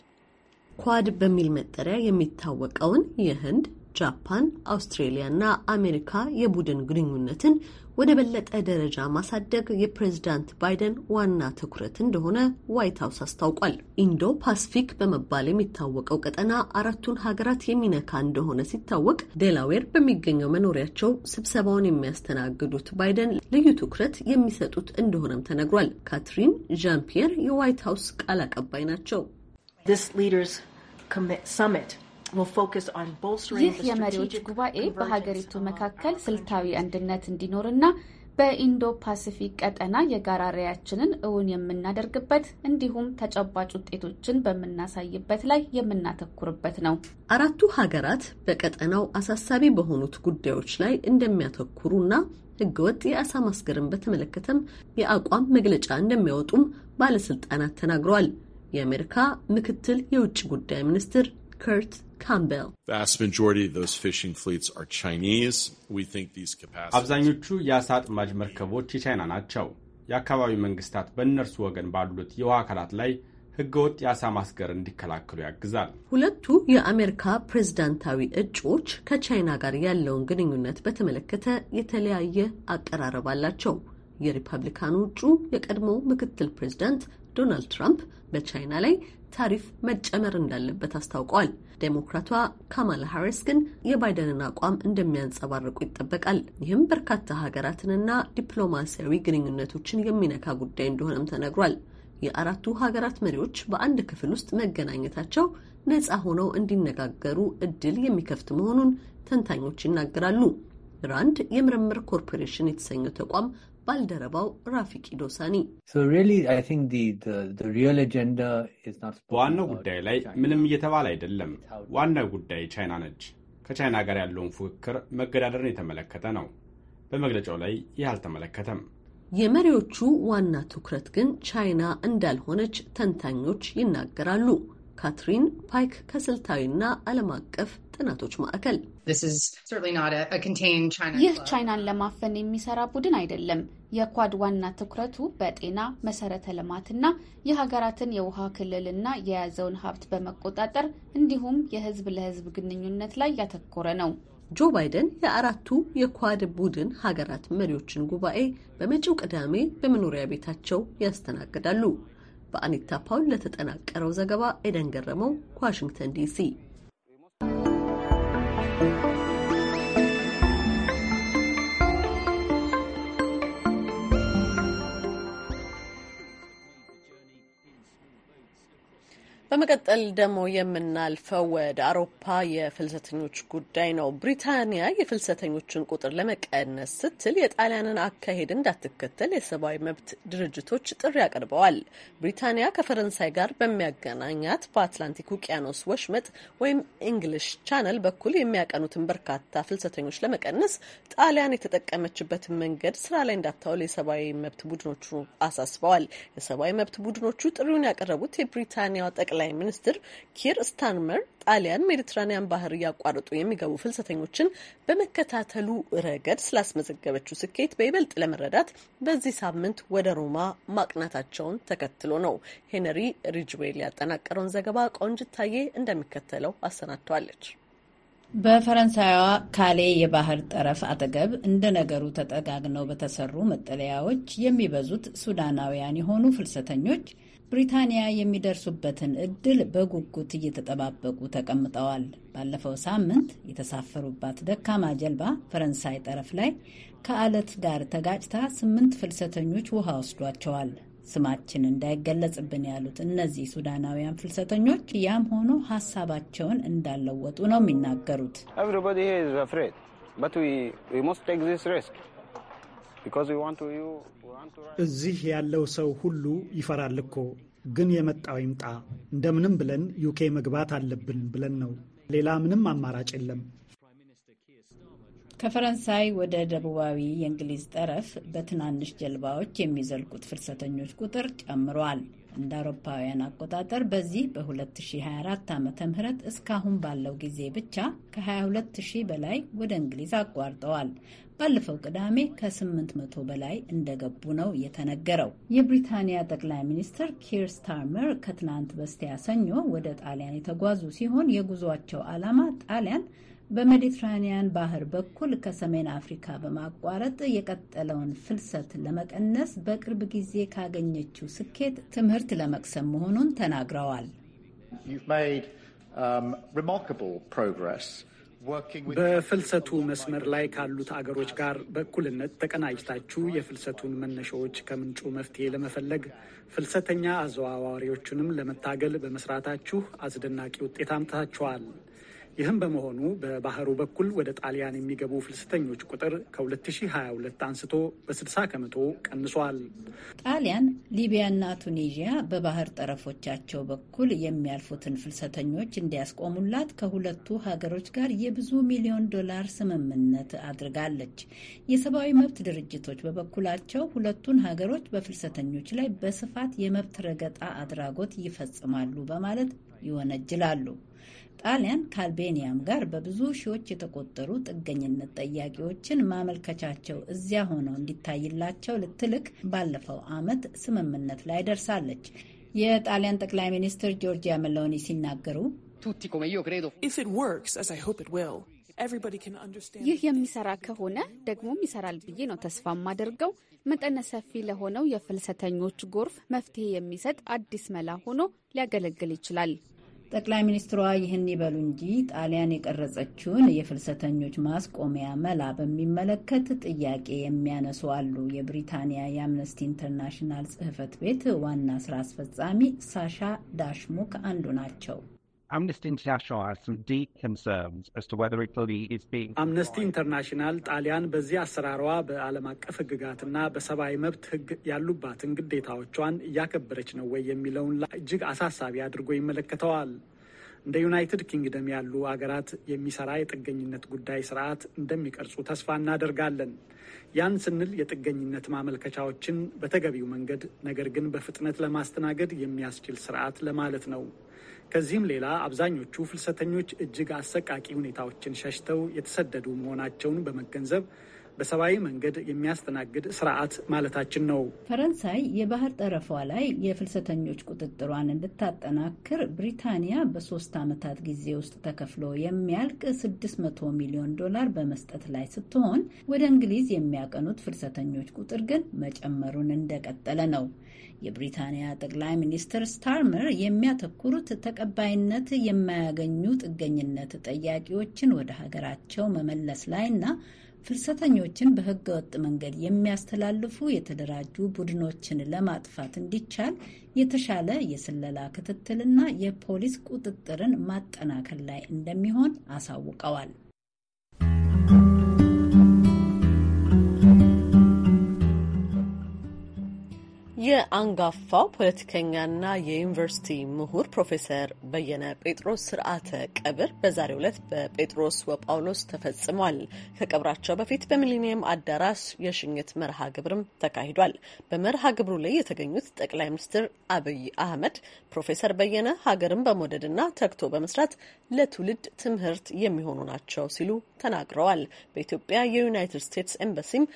ኳድ በሚል መጠሪያ የሚታወቀውን የህንድ ጃፓን፣ አውስትሬሊያ እና አሜሪካ የቡድን ግንኙነትን ወደ በለጠ ደረጃ ማሳደግ የፕሬዝዳንት ባይደን ዋና ትኩረት እንደሆነ ዋይት ሀውስ አስታውቋል። ኢንዶ ፓስፊክ በመባል የሚታወቀው ቀጠና አራቱን ሀገራት የሚነካ እንደሆነ ሲታወቅ፣ ዴላዌር በሚገኘው መኖሪያቸው ስብሰባውን የሚያስተናግዱት ባይደን ልዩ ትኩረት የሚሰጡት እንደሆነም ተነግሯል። ካትሪን ዣን ፒየር የዋይት ሀውስ ቃል አቀባይ ናቸው። ይህ የመሪዎች ጉባኤ በሀገሪቱ መካከል ስልታዊ አንድነት እንዲኖርና በኢንዶ ፓሲፊክ ቀጠና የጋራ ራዕያችንን እውን የምናደርግበት እንዲሁም ተጨባጭ ውጤቶችን በምናሳይበት ላይ የምናተኩርበት ነው። አራቱ ሀገራት በቀጠናው አሳሳቢ በሆኑት ጉዳዮች ላይ እንደሚያተኩሩና ሕገወጥ የአሳ ማስገርን በተመለከተም የአቋም መግለጫ እንደሚያወጡም ባለስልጣናት ተናግረዋል። የአሜሪካ ምክትል የውጭ ጉዳይ ሚኒስትር ከርት ካምበል አብዛኞቹ የአሳ አጥማጅ መርከቦች የቻይና ናቸው። የአካባቢው መንግስታት በእነርሱ ወገን ባሉት የውሃ አካላት ላይ ህገወጥ የአሳ ማስገር እንዲከላከሉ ያግዛል። ሁለቱ የአሜሪካ ፕሬዝዳንታዊ እጩዎች ከቻይና ጋር ያለውን ግንኙነት በተመለከተ የተለያየ አቀራረብ አላቸው። የሪፐብሊካኑ እጩ የቀድሞ ምክትል ፕሬዝዳንት ዶናልድ ትራምፕ በቻይና ላይ ታሪፍ መጨመር እንዳለበት አስታውቀዋል። ዴሞክራቷ ካማላ ሃሪስ ግን የባይደንን አቋም እንደሚያንጸባርቁ ይጠበቃል። ይህም በርካታ ሀገራትንና ዲፕሎማሲያዊ ግንኙነቶችን የሚነካ ጉዳይ እንደሆነም ተነግሯል። የአራቱ ሀገራት መሪዎች በአንድ ክፍል ውስጥ መገናኘታቸው ነጻ ሆነው እንዲነጋገሩ እድል የሚከፍት መሆኑን ተንታኞች ይናገራሉ። ራንድ የምርምር ኮርፖሬሽን የተሰኘው ተቋም ባልደረባው ራፊቅ ዶሳኒ። በዋናው ጉዳይ ላይ ምንም እየተባለ አይደለም። ዋናው ጉዳይ ቻይና ነች። ከቻይና ጋር ያለውን ፉክክር መገዳደርን የተመለከተ ነው። በመግለጫው ላይ ይህ አልተመለከተም። የመሪዎቹ ዋና ትኩረት ግን ቻይና እንዳልሆነች ተንታኞች ይናገራሉ። ካትሪን ፓይክ ከስልታዊና ዓለም አቀፍ ጥናቶች ማዕከል። ይህ ቻይናን ለማፈን የሚሰራ ቡድን አይደለም። የኳድ ዋና ትኩረቱ በጤና መሰረተ ልማትና የሀገራትን የውሃ ክልልና የያዘውን ሀብት በመቆጣጠር እንዲሁም የህዝብ ለህዝብ ግንኙነት ላይ ያተኮረ ነው። ጆ ባይደን የአራቱ የኳድ ቡድን ሀገራት መሪዎችን ጉባኤ በመጪው ቅዳሜ በመኖሪያ ቤታቸው ያስተናግዳሉ። በአኒታ ፓውል ለተጠናቀረው ዘገባ ኤደን ገረመው ከዋሽንግተን ዲሲ Thank you. በመቀጠል ደግሞ የምናልፈው ወደ አውሮፓ የፍልሰተኞች ጉዳይ ነው። ብሪታንያ የፍልሰተኞችን ቁጥር ለመቀነስ ስትል የጣሊያንን አካሄድ እንዳትከተል የሰብአዊ መብት ድርጅቶች ጥሪ አቅርበዋል። ብሪታንያ ከፈረንሳይ ጋር በሚያገናኛት በአትላንቲክ ውቅያኖስ ወሽመጥ ወይም ኢንግሊሽ ቻነል በኩል የሚያቀኑትን በርካታ ፍልሰተኞች ለመቀነስ ጣሊያን የተጠቀመችበትን መንገድ ስራ ላይ እንዳታውል የሰብአዊ መብት ቡድኖቹ አሳስበዋል። የሰብአዊ መብት ቡድኖቹ ጥሪውን ያቀረቡት የብሪታንያ ጠቅላይ ጠቅላይ ሚኒስትር ኪር ስታርመር ጣሊያን ሜዲትራኒያን ባህር እያቋረጡ የሚገቡ ፍልሰተኞችን በመከታተሉ ረገድ ስላስመዘገበችው ስኬት በይበልጥ ለመረዳት በዚህ ሳምንት ወደ ሮማ ማቅናታቸውን ተከትሎ ነው። ሄነሪ ሪጅዌል ያጠናቀረውን ዘገባ ቆንጅታዬ እንደሚከተለው አሰናድተዋለች። በፈረንሳይዋ ካሌ የባህር ጠረፍ አጠገብ እንደ ነገሩ ተጠጋግነው በተሰሩ መጠለያዎች የሚበዙት ሱዳናውያን የሆኑ ፍልሰተኞች ብሪታንያ የሚደርሱበትን እድል በጉጉት እየተጠባበቁ ተቀምጠዋል። ባለፈው ሳምንት የተሳፈሩባት ደካማ ጀልባ ፈረንሳይ ጠረፍ ላይ ከአለት ጋር ተጋጭታ ስምንት ፍልሰተኞች ውሃ ወስዷቸዋል። ስማችን እንዳይገለጽብን ያሉት እነዚህ ሱዳናውያን ፍልሰተኞች ያም ሆኖ ሀሳባቸውን እንዳለወጡ ነው የሚናገሩት። እዚህ ያለው ሰው ሁሉ ይፈራል እኮ ግን የመጣው ይምጣ፣ እንደምንም ብለን ዩኬ መግባት አለብን ብለን ነው። ሌላ ምንም አማራጭ የለም። ከፈረንሳይ ወደ ደቡባዊ የእንግሊዝ ጠረፍ በትናንሽ ጀልባዎች የሚዘልቁት ፍልሰተኞች ቁጥር ጨምሯል። እንደ አውሮፓውያን አቆጣጠር በዚህ በ2024 ዓ ም እስካሁን ባለው ጊዜ ብቻ ከ22000 በላይ ወደ እንግሊዝ አቋርጠዋል። ባለፈው ቅዳሜ ከ800 በላይ እንደገቡ ነው የተነገረው። የብሪታንያ ጠቅላይ ሚኒስትር ኪር ስታርመር ከትናንት በስቲያ ሰኞ ወደ ጣሊያን የተጓዙ ሲሆን የጉዟቸው ዓላማ ጣሊያን በሜዲትራኒያን ባህር በኩል ከሰሜን አፍሪካ በማቋረጥ የቀጠለውን ፍልሰት ለመቀነስ በቅርብ ጊዜ ካገኘችው ስኬት ትምህርት ለመቅሰም መሆኑን ተናግረዋል። um, በፍልሰቱ መስመር ላይ ካሉት አገሮች ጋር በእኩልነት ተቀናጅታችሁ የፍልሰቱን መነሻዎች ከምንጩ መፍትሄ ለመፈለግ ፍልሰተኛ አዘዋዋሪዎቹንም ለመታገል በመስራታችሁ አስደናቂ ውጤት አምጥታችኋል። ይህም በመሆኑ በባህሩ በኩል ወደ ጣሊያን የሚገቡ ፍልሰተኞች ቁጥር ከ2022 አንስቶ በ60 ከመቶ ቀንሷል። ጣሊያን፣ ሊቢያና ቱኒዥያ በባህር ጠረፎቻቸው በኩል የሚያልፉትን ፍልሰተኞች እንዲያስቆሙላት ከሁለቱ ሀገሮች ጋር የብዙ ሚሊዮን ዶላር ስምምነት አድርጋለች። የሰብአዊ መብት ድርጅቶች በበኩላቸው ሁለቱን ሀገሮች በፍልሰተኞች ላይ በስፋት የመብት ረገጣ አድራጎት ይፈጽማሉ በማለት ይወነጅላሉ። ጣሊያን ከአልቤኒያም ጋር በብዙ ሺዎች የተቆጠሩ ጥገኝነት ጠያቂዎችን ማመልከቻቸው እዚያ ሆነው እንዲታይላቸው ልትልክ ባለፈው ዓመት ስምምነት ላይ ደርሳለች። የጣሊያን ጠቅላይ ሚኒስትር ጆርጂያ መሎኒ ሲናገሩ ይህ የሚሰራ ከሆነ ደግሞም ይሰራል ብዬ ነው ተስፋ የማደርገው። መጠነ ሰፊ ለሆነው የፍልሰተኞች ጎርፍ መፍትሄ የሚሰጥ አዲስ መላ ሆኖ ሊያገለግል ይችላል። ጠቅላይ ሚኒስትሯ ይህን ይበሉ እንጂ ጣሊያን የቀረጸችውን የፍልሰተኞች ማስቆሚያ መላ በሚመለከት ጥያቄ የሚያነሱ አሉ። የብሪታንያ የአምነስቲ ኢንተርናሽናል ጽሕፈት ቤት ዋና ስራ አስፈጻሚ ሳሻ ዳሽሙክ አንዱ ናቸው። አምነስቲ ኢንተርናሽናል አምነስቲ ኢንተርናሽናል ጣሊያን በዚህ አሰራሯ በዓለም አቀፍ ህግጋትና በሰብአዊ መብት ህግ ያሉባትን ግዴታዎቿን እያከበረች ነው ወይ የሚለውን እጅግ አሳሳቢ አድርጎ ይመለከተዋል። እንደ ዩናይትድ ኪንግደም ያሉ አገራት የሚሰራ የጥገኝነት ጉዳይ ስርዓት እንደሚቀርጹ ተስፋ እናደርጋለን። ያን ስንል የጥገኝነት ማመልከቻዎችን በተገቢው መንገድ ነገር ግን በፍጥነት ለማስተናገድ የሚያስችል ስርዓት ለማለት ነው። ከዚህም ሌላ አብዛኞቹ ፍልሰተኞች እጅግ አሰቃቂ ሁኔታዎችን ሸሽተው የተሰደዱ መሆናቸውን በመገንዘብ በሰብአዊ መንገድ የሚያስተናግድ ስርዓት ማለታችን ነው። ፈረንሳይ የባህር ጠረፏ ላይ የፍልሰተኞች ቁጥጥሯን እንድታጠናክር ብሪታንያ በሶስት ዓመታት ጊዜ ውስጥ ተከፍሎ የሚያልቅ 600 ሚሊዮን ዶላር በመስጠት ላይ ስትሆን ወደ እንግሊዝ የሚያቀኑት ፍልሰተኞች ቁጥር ግን መጨመሩን እንደቀጠለ ነው። የብሪታንያ ጠቅላይ ሚኒስትር ስታርመር የሚያተኩሩት ተቀባይነት የማያገኙ ጥገኝነት ጠያቂዎችን ወደ ሀገራቸው መመለስ ላይና ፍልሰተኞችን በህገ ወጥ መንገድ የሚያስተላልፉ የተደራጁ ቡድኖችን ለማጥፋት እንዲቻል የተሻለ የስለላ ክትትልና የፖሊስ ቁጥጥርን ማጠናከር ላይ እንደሚሆን አሳውቀዋል። የአንጋፋው ፖለቲከኛና የዩኒቨርሲቲ ምሁር ፕሮፌሰር በየነ ጴጥሮስ ስርዓተ ቀብር በዛሬው ዕለት በጴጥሮስ ወጳውሎስ ተፈጽሟል። ከቀብራቸው በፊት በሚሊኒየም አዳራሽ የሽኝት መርሃ ግብርም ተካሂዷል። በመርሃ ግብሩ ላይ የተገኙት ጠቅላይ ሚኒስትር አብይ አህመድ ፕሮፌሰር በየነ ሀገርን በመውደድና ተግቶ በመስራት ለትውልድ ትምህርት የሚሆኑ ናቸው ሲሉ ተናግረዋል። በኢትዮጵያ የዩናይትድ ስቴትስ ኤምባሲም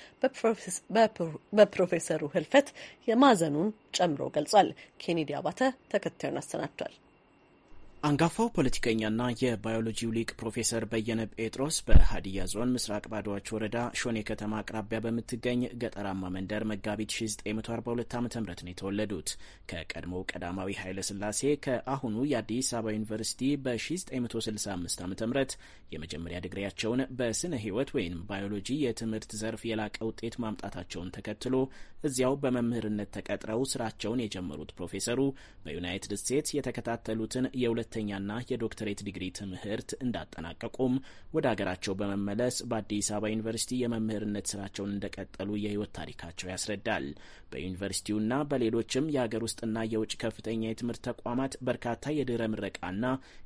በፕሮፌሰሩ ህልፈት የማዘኑን ጨምሮ ገልጿል። ኬኔዲ አባተ ተከታዩን አሰናድቷል። አንጋፋው ፖለቲከኛና የባዮሎጂው ሊቅ ፕሮፌሰር በየነ ጴጥሮስ በሀዲያ ዞን ምስራቅ ባዶዋች ወረዳ ሾኔ ከተማ አቅራቢያ በምትገኝ ገጠራማ መንደር መጋቢት 1942 ዓ ም ነው የተወለዱት። ከቀድሞው ቀዳማዊ ኃይለ ስላሴ ከአሁኑ የአዲስ አበባ ዩኒቨርሲቲ በ1965 ዓ ም የመጀመሪያ ድግሪያቸውን በስነ ህይወት ወይም ባዮሎጂ የትምህርት ዘርፍ የላቀ ውጤት ማምጣታቸውን ተከትሎ እዚያው በመምህርነት ተቀጥረው ስራቸውን የጀመሩት ፕሮፌሰሩ በዩናይትድ ስቴትስ የተከታተሉትን የሁለ የሁለተኛና የዶክተሬት ዲግሪ ትምህርት እንዳጠናቀቁም ወደ አገራቸው በመመለስ በአዲስ አበባ ዩኒቨርሲቲ የመምህርነት ስራቸውን እንደቀጠሉ የህይወት ታሪካቸው ያስረዳል። በዩኒቨርሲቲውና በሌሎችም የአገር ውስጥና የውጭ ከፍተኛ የትምህርት ተቋማት በርካታ የድህረ ምረቃና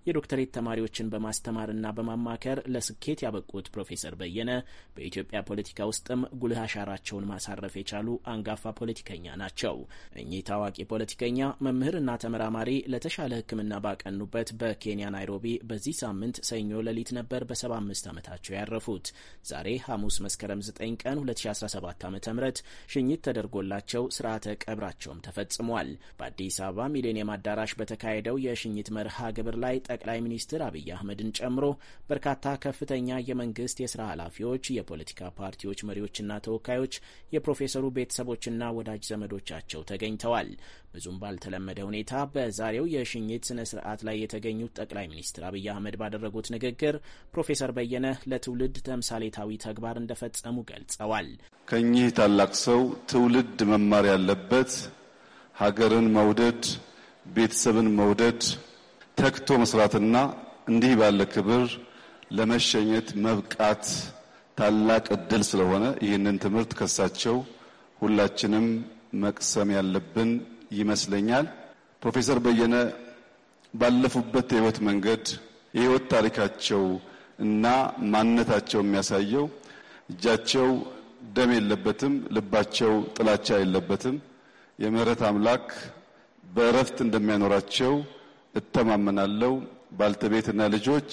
የዶክተሬት ተማሪዎችን በማስተማርና በማማከር ለስኬት ያበቁት ፕሮፌሰር በየነ በኢትዮጵያ ፖለቲካ ውስጥም ጉልህ አሻራቸውን ማሳረፍ የቻሉ አንጋፋ ፖለቲከኛ ናቸው። እኚህ ታዋቂ ፖለቲከኛ መምህርና ተመራማሪ ለተሻለ ሕክምና ባቀኑ በተወለዱበት በኬንያ ናይሮቢ በዚህ ሳምንት ሰኞ ሌሊት ነበር በ75 ዓመታቸው ያረፉት። ዛሬ ሐሙስ መስከረም 9 ቀን 2017 ዓ ም ሽኝት ተደርጎላቸው ስርዓተ ቀብራቸውም ተፈጽሟል። በአዲስ አበባ ሚሌኒየም አዳራሽ በተካሄደው የሽኝት መርሃ ግብር ላይ ጠቅላይ ሚኒስትር አብይ አህመድን ጨምሮ በርካታ ከፍተኛ የመንግስት የስራ ኃላፊዎች፣ የፖለቲካ ፓርቲዎች መሪዎችና ተወካዮች፣ የፕሮፌሰሩ ቤተሰቦችና ወዳጅ ዘመዶቻቸው ተገኝተዋል። ብዙም ባልተለመደ ሁኔታ በዛሬው የሽኝት ስነ ስርዓት ላይ የተገኙት ጠቅላይ ሚኒስትር አብይ አህመድ ባደረጉት ንግግር ፕሮፌሰር በየነ ለትውልድ ተምሳሌታዊ ተግባር እንደፈጸሙ ገልጸዋል። ከኚህ ታላቅ ሰው ትውልድ መማር ያለበት ሀገርን መውደድ፣ ቤተሰብን መውደድ፣ ተግቶ መስራትና እንዲህ ባለ ክብር ለመሸኘት መብቃት ታላቅ እድል ስለሆነ ይህንን ትምህርት ከሳቸው ሁላችንም መቅሰም ያለብን ይመስለኛል። ፕሮፌሰር በየነ ባለፉበት የህይወት መንገድ የህይወት ታሪካቸው እና ማንነታቸው የሚያሳየው እጃቸው ደም የለበትም፣ ልባቸው ጥላቻ የለበትም። የምህረት አምላክ በእረፍት እንደሚያኖራቸው እተማመናለሁ። ባልተቤትና ልጆች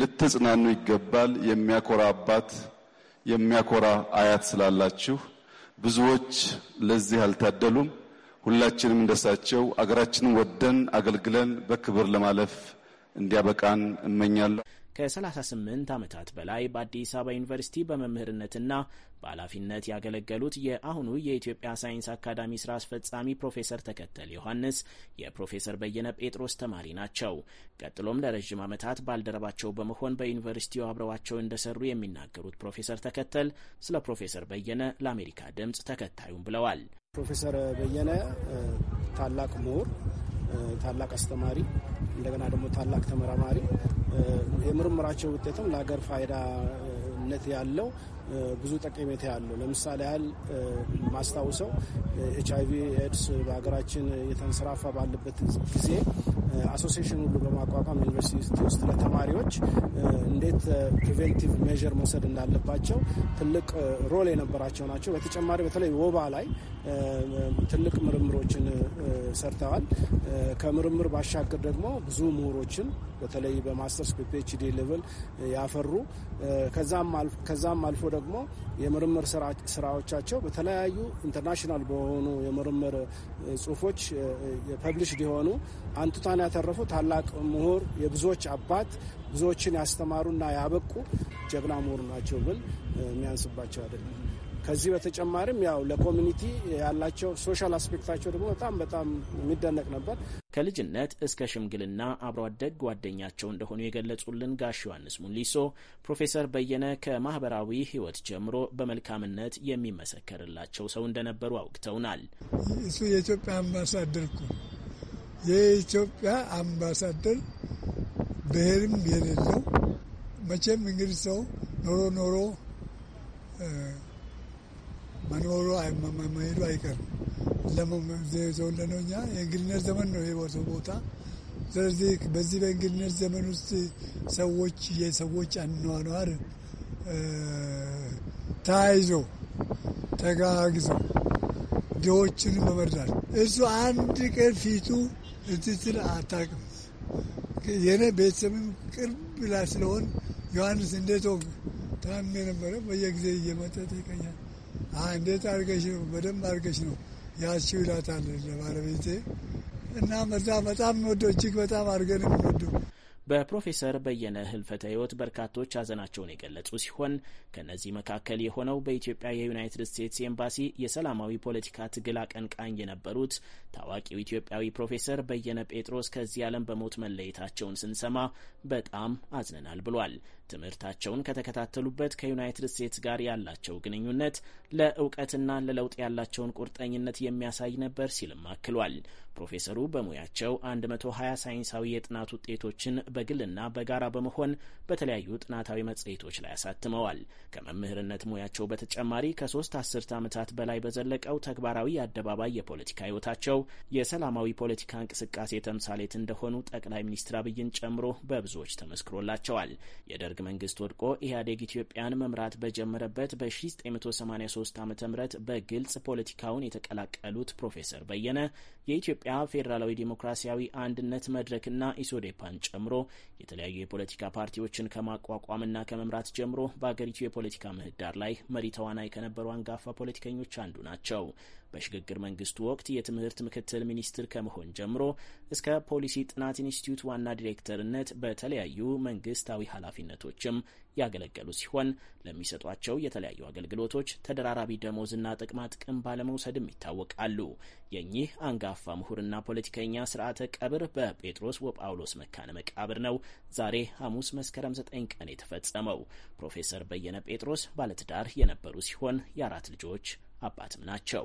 ልትጽናኑ ይገባል። የሚያኮራ አባት፣ የሚያኮራ አያት ስላላችሁ ብዙዎች ለዚህ አልታደሉም። ሁላችንም እንደሳቸው አገራችንን ወደን አገልግለን በክብር ለማለፍ እንዲያበቃን እመኛለሁ። ከ38 ዓመታት በላይ በአዲስ አበባ ዩኒቨርሲቲ በመምህርነትና በኃላፊነት ያገለገሉት የአሁኑ የኢትዮጵያ ሳይንስ አካዳሚ ስራ አስፈጻሚ ፕሮፌሰር ተከተል ዮሐንስ የፕሮፌሰር በየነ ጴጥሮስ ተማሪ ናቸው። ቀጥሎም ለረዥም ዓመታት ባልደረባቸው በመሆን በዩኒቨርሲቲው አብረዋቸው እንደሰሩ የሚናገሩት ፕሮፌሰር ተከተል ስለ ፕሮፌሰር በየነ ለአሜሪካ ድምፅ ተከታዩም ብለዋል። ፕሮፌሰር በየነ ታላቅ ምሁር፣ ታላቅ አስተማሪ፣ እንደገና ደግሞ ታላቅ ተመራማሪ የምርምራቸው ውጤትም ለሀገር ፋይዳነት ያለው ብዙ ጠቀሜታ ያለው ለምሳሌ ያህል ማስታውሰው ኤች አይቪ ኤድስ በሀገራችን የተንሰራፋ ባለበት ጊዜ አሶሲሽን ሁሉ በማቋቋም ዩኒቨርሲቲ ውስጥ ለተማሪዎች እንዴት ፕሪቬንቲቭ ሜዥር መውሰድ እንዳለባቸው ትልቅ ሮል የነበራቸው ናቸው። በተጨማሪ በተለይ ወባ ላይ ትልቅ ምርምሮችን ሰርተዋል። ከምርምር ባሻገር ደግሞ ብዙ ምሁሮችን በተለይ በማስተርስ በፒኤችዲ ሌቭል ያፈሩ ከዛም አልፎ ደግሞ የምርምር ስራዎቻቸው በተለያዩ ኢንተርናሽናል በሆኑ የምርምር ጽሁፎች ፐብሊሽድ የሆኑ አንቱታን ያተረፉ ታላቅ ምሁር፣ የብዙዎች አባት፣ ብዙዎችን ያስተማሩና ያበቁ ጀግና ምሁር ናቸው ብል የሚያንስባቸው አይደለም። ከዚህ በተጨማሪም ያው ለኮሚኒቲ ያላቸው ሶሻል አስፔክታቸው ደግሞ በጣም በጣም የሚደነቅ ነበር። ከልጅነት እስከ ሽምግልና አብሮ አደግ ጓደኛቸው እንደሆኑ የገለጹልን ጋሽ ዮሐንስ ሙሊሶ ፕሮፌሰር በየነ ከማህበራዊ ሕይወት ጀምሮ በመልካምነት የሚመሰከርላቸው ሰው እንደነበሩ አውቅተውናል። እሱ የኢትዮጵያ አምባሳደር እኮ የኢትዮጵያ አምባሳደር ብሔርም የሌለው መቼም እንግዲህ ሰው ኖሮ ኖሮ መኖሩ መሄዱ አይቀርም። የተወለነው እኛ የእንግድነት ዘመን ነው የቦሰው ቦታ። ስለዚህ በዚህ በእንግድነት ዘመን ውስጥ ሰዎች የሰዎች አኗኗር ተያይዞ ተጋግዞ ድሆችንም በመርዳት እሱ አንድ ቀን ፊቱ እንትትል አታውቅም። የኔ ቤተሰብም ቅርብ ላ ስለሆን ዮሐንስ እንዴት ታም የነበረ በየጊዜ እየመጠ ይቀኛል። እንዴት አድርገሽ ነው በደንብ አድርገሽ ነው ያቺው ይላታል ለባለቤቴ እና መዛ በጣም ወደው እጅግ በጣም አድርገን የሚወደው። በፕሮፌሰር በየነ ህልፈተ ህይወት በርካቶች ሀዘናቸውን የገለጹ ሲሆን ከእነዚህ መካከል የሆነው በኢትዮጵያ የዩናይትድ ስቴትስ ኤምባሲ የሰላማዊ ፖለቲካ ትግል አቀንቃኝ የነበሩት ታዋቂው ኢትዮጵያዊ ፕሮፌሰር በየነ ጴጥሮስ ከዚህ ዓለም በሞት መለየታቸውን ስንሰማ በጣም አዝነናል ብሏል። ትምህርታቸውን ከተከታተሉበት ከዩናይትድ ስቴትስ ጋር ያላቸው ግንኙነት ለእውቀትና ለለውጥ ያላቸውን ቁርጠኝነት የሚያሳይ ነበር ሲልም አክሏል። ፕሮፌሰሩ በሙያቸው 120 ሳይንሳዊ የጥናት ውጤቶችን በግልና በጋራ በመሆን በተለያዩ ጥናታዊ መጽሔቶች ላይ አሳትመዋል። ከመምህርነት ሙያቸው በተጨማሪ ከሶስት አስርት ዓመታት በላይ በዘለቀው ተግባራዊ የአደባባይ የፖለቲካ ሕይወታቸው የሰላማዊ ፖለቲካ እንቅስቃሴ ተምሳሌት እንደሆኑ ጠቅላይ ሚኒስትር አብይን ጨምሮ በብዙዎች ተመስክሮላቸዋል። የደርግ የደርግ መንግስት ወድቆ ኢህአዴግ ኢትዮጵያን መምራት በጀመረበት በ1983 ዓ ም በግልጽ ፖለቲካውን የተቀላቀሉት ፕሮፌሰር በየነ የኢትዮጵያ ፌዴራላዊ ዴሞክራሲያዊ አንድነት መድረክና ኢሶዴፓን ጨምሮ የተለያዩ የፖለቲካ ፓርቲዎችን ከማቋቋምና ከመምራት ጀምሮ በአገሪቱ የፖለቲካ ምህዳር ላይ መሪ ተዋናይ ከነበሩ አንጋፋ ፖለቲከኞች አንዱ ናቸው። በሽግግር መንግስቱ ወቅት የትምህርት ምክትል ሚኒስትር ከመሆን ጀምሮ እስከ ፖሊሲ ጥናት ኢንስቲትዩት ዋና ዲሬክተርነት በተለያዩ መንግስታዊ ኃላፊነቶችም ያገለገሉ ሲሆን ለሚሰጧቸው የተለያዩ አገልግሎቶች ተደራራቢ ደሞዝና ጥቅማ ጥቅም ባለመውሰድም ይታወቃሉ። የኚህ አንጋፋ ምሁርና ፖለቲከኛ ስርዓተ ቀብር በጴጥሮስ ወጳውሎስ መካነ መቃብር ነው ዛሬ ሐሙስ መስከረም 9 ቀን የተፈጸመው። ፕሮፌሰር በየነ ጴጥሮስ ባለትዳር የነበሩ ሲሆን የአራት ልጆች አባትም ናቸው።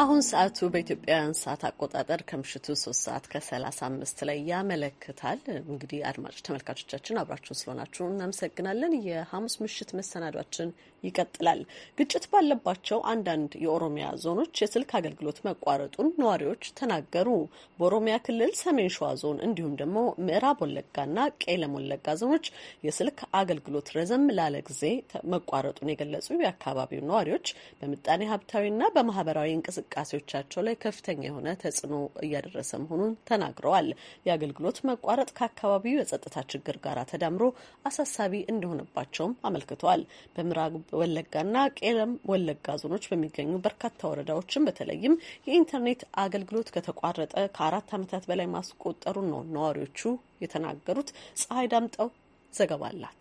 አሁን ሰዓቱ በኢትዮጵያውያን ሰዓት አቆጣጠር ከምሽቱ ሶስት ሰዓት ከሰላሳ አምስት ላይ ያመለክታል። እንግዲህ አድማጭ ተመልካቾቻችን አብራችሁን ስለሆናችሁ እናመሰግናለን። የሐሙስ ምሽት መሰናዷችን ይቀጥላል። ግጭት ባለባቸው አንዳንድ የኦሮሚያ ዞኖች የስልክ አገልግሎት መቋረጡን ነዋሪዎች ተናገሩ። በኦሮሚያ ክልል ሰሜን ሸዋ ዞን እንዲሁም ደግሞ ምዕራብ ወለጋና ቄለም ወለጋ ዞኖች የስልክ አገልግሎት ረዘም ላለ ጊዜ መቋረጡን የገለጹ የአካባቢው ነዋሪዎች በምጣኔ ሀብታዊና በማህበራዊ እንቅስቃሴ እንቅስቃሴዎቻቸው ላይ ከፍተኛ የሆነ ተጽዕኖ እያደረሰ መሆኑን ተናግረዋል። የአገልግሎት መቋረጥ ከአካባቢው የጸጥታ ችግር ጋር ተዳምሮ አሳሳቢ እንደሆነባቸውም አመልክተዋል። በምዕራብ ወለጋና ቄለም ወለጋ ዞኖች በሚገኙ በርካታ ወረዳዎችም በተለይም የኢንተርኔት አገልግሎት ከተቋረጠ ከአራት ዓመታት በላይ ማስቆጠሩን ነው ነዋሪዎቹ የተናገሩት። ፀሐይ ዳምጠው ዘገባ አላት።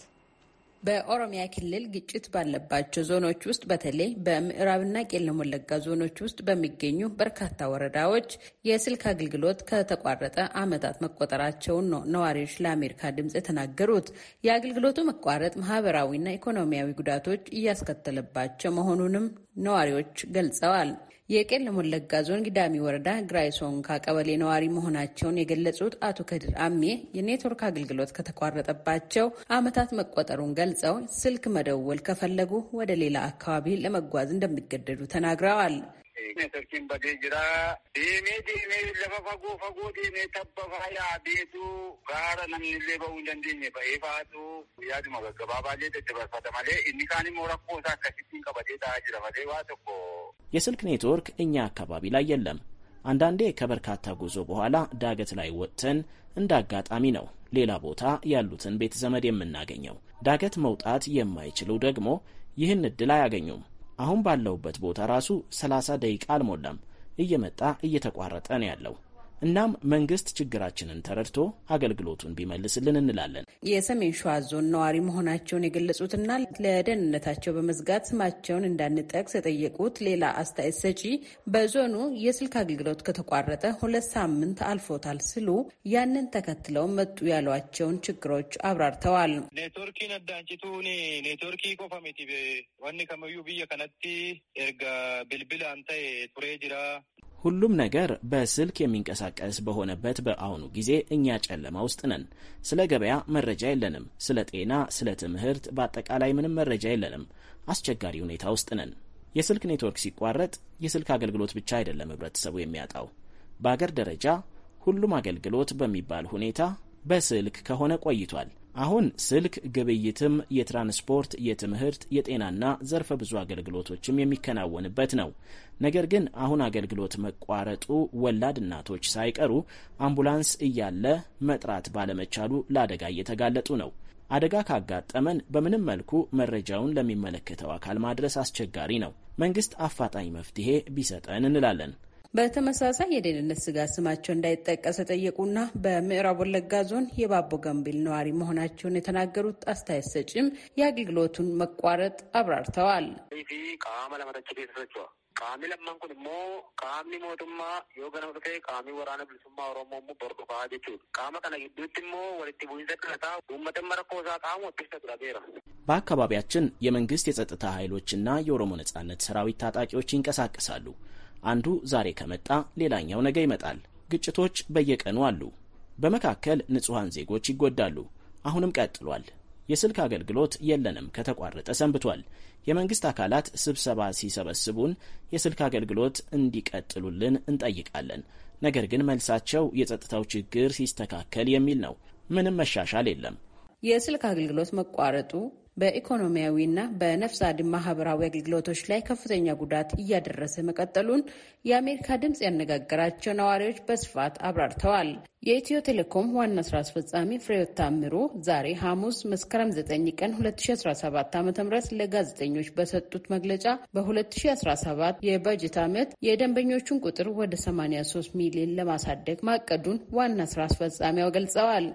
በኦሮሚያ ክልል ግጭት ባለባቸው ዞኖች ውስጥ በተለይ በምዕራብና ቄለም ወለጋ ዞኖች ውስጥ በሚገኙ በርካታ ወረዳዎች የስልክ አገልግሎት ከተቋረጠ ዓመታት መቆጠራቸውን ነው ነዋሪዎች ለአሜሪካ ድምፅ የተናገሩት። የአገልግሎቱ መቋረጥ ማህበራዊና ኢኮኖሚያዊ ጉዳቶች እያስከተለባቸው መሆኑንም ነዋሪዎች ገልጸዋል። የቄለም ወለጋ ዞን ጊዳሚ ወረዳ ግራይ ሶንካ ቀበሌ ነዋሪ መሆናቸውን የገለጹት አቶ ከድር አሜ የኔትወርክ አገልግሎት ከተቋረጠባቸው ዓመታት መቆጠሩን ገልጸው ስልክ መደወል ከፈለጉ ወደ ሌላ አካባቢ ለመጓዝ እንደሚገደዱ ተናግረዋል። ነሰርሲን በዴ ጅራ ዴሜ ዴሜ ለፈ ፈጎ ፈጎ ዴሜ ተበ ቤቱ ጋረ ነምንሌ በውን ደንዴኝ በኤፋቱ ያድመ ገባባሌ ደደበርፈተማሌ እኒካኒ ሞረኮሳ ከሲቲን ቀበዴ ታጅረ በዴ ዋትኮ የስልክ ኔትወርክ እኛ አካባቢ ላይ የለም። አንዳንዴ ከበርካታ ጉዞ በኋላ ዳገት ላይ ወጥተን እንደ አጋጣሚ ነው ሌላ ቦታ ያሉትን ቤተ ዘመድ የምናገኘው። ዳገት መውጣት የማይችሉ ደግሞ ይህን እድል አያገኙም። አሁን ባለሁበት ቦታ ራሱ 30 ደቂቃ አልሞላም እየመጣ እየተቋረጠ ነው ያለው። እናም መንግስት ችግራችንን ተረድቶ አገልግሎቱን ቢመልስልን እንላለን። የሰሜን ሸዋ ዞን ነዋሪ መሆናቸውን የገለጹትና ለደህንነታቸው በመዝጋት ስማቸውን እንዳንጠቅስ የጠየቁት ሌላ አስተያየት ሰጪ በዞኑ የስልክ አገልግሎት ከተቋረጠ ሁለት ሳምንት አልፎታል ሲሉ ያንን ተከትለው መጡ ያሏቸውን ችግሮች አብራርተዋል። ኔትወርኪ ነዳንጭቱን ኔትወርኪ ወኒ ከመዩ ብየ ከነቲ ኤርጋ ብልብል አንተ ቱሬ ጅራ ሁሉም ነገር በስልክ የሚንቀሳቀስ በሆነበት በአሁኑ ጊዜ እኛ ጨለማ ውስጥ ነን። ስለ ገበያ መረጃ የለንም። ስለ ጤና፣ ስለ ትምህርት፣ በአጠቃላይ ምንም መረጃ የለንም። አስቸጋሪ ሁኔታ ውስጥ ነን። የስልክ ኔትወርክ ሲቋረጥ የስልክ አገልግሎት ብቻ አይደለም ህብረተሰቡ የሚያጣው። በአገር ደረጃ ሁሉም አገልግሎት በሚባል ሁኔታ በስልክ ከሆነ ቆይቷል። አሁን ስልክ ግብይትም የትራንስፖርት፣ የትምህርት፣ የጤናና ዘርፈ ብዙ አገልግሎቶችም የሚከናወንበት ነው። ነገር ግን አሁን አገልግሎት መቋረጡ ወላድ እናቶች ሳይቀሩ አምቡላንስ እያለ መጥራት ባለመቻሉ ለአደጋ እየተጋለጡ ነው። አደጋ ካጋጠመን በምንም መልኩ መረጃውን ለሚመለከተው አካል ማድረስ አስቸጋሪ ነው። መንግስት አፋጣኝ መፍትሄ ቢሰጠን እንላለን። በተመሳሳይ የደህንነት ስጋት ስማቸው እንዳይጠቀስ የጠየቁና በምዕራብ ወለጋ ዞን የባቦ ገንቢል ነዋሪ መሆናቸውን የተናገሩት አስተያየት ሰጪም የአገልግሎቱን መቋረጥ አብራርተዋል። ቃሚ ለማን ኩን ሞ ቃሚ ሞቱማ ዮ ቃሚ ወራነ ብልሱማ ኦሮሞ ጀቹ ቃመ ከነ ግዱት ሞ ከነታ ኡመተ መረኮሳ ቃሙ በአካባቢያችን የመንግስት የጸጥታ ኃይሎችና የኦሮሞ ነጻነት ሰራዊት ታጣቂዎች ይንቀሳቀሳሉ። አንዱ ዛሬ ከመጣ ሌላኛው ነገ ይመጣል። ግጭቶች በየቀኑ አሉ። በመካከል ንጹሐን ዜጎች ይጎዳሉ። አሁንም ቀጥሏል። የስልክ አገልግሎት የለንም ከተቋረጠ ሰንብቷል። የመንግስት አካላት ስብሰባ ሲሰበስቡን የስልክ አገልግሎት እንዲቀጥሉልን እንጠይቃለን። ነገር ግን መልሳቸው የጸጥታው ችግር ሲስተካከል የሚል ነው። ምንም መሻሻል የለም። የስልክ አገልግሎት መቋረጡ በኢኮኖሚያዊና በነፍስ አድን ማህበራዊ አገልግሎቶች ላይ ከፍተኛ ጉዳት እያደረሰ መቀጠሉን የአሜሪካ ድምፅ ያነጋገራቸው ነዋሪዎች በስፋት አብራርተዋል። የኢትዮ ቴሌኮም ዋና ስራ አስፈጻሚ ፍሬሕይወት ታምሩ ዛሬ ሐሙስ መስከረም 9 ቀን 2017 ዓ ም ለጋዜጠኞች በሰጡት መግለጫ በ2017 የበጀት ዓመት የደንበኞቹን ቁጥር ወደ 83 ሚሊዮን ለማሳደግ ማቀዱን ዋና ስራ አስፈጻሚው ገልጸዋል።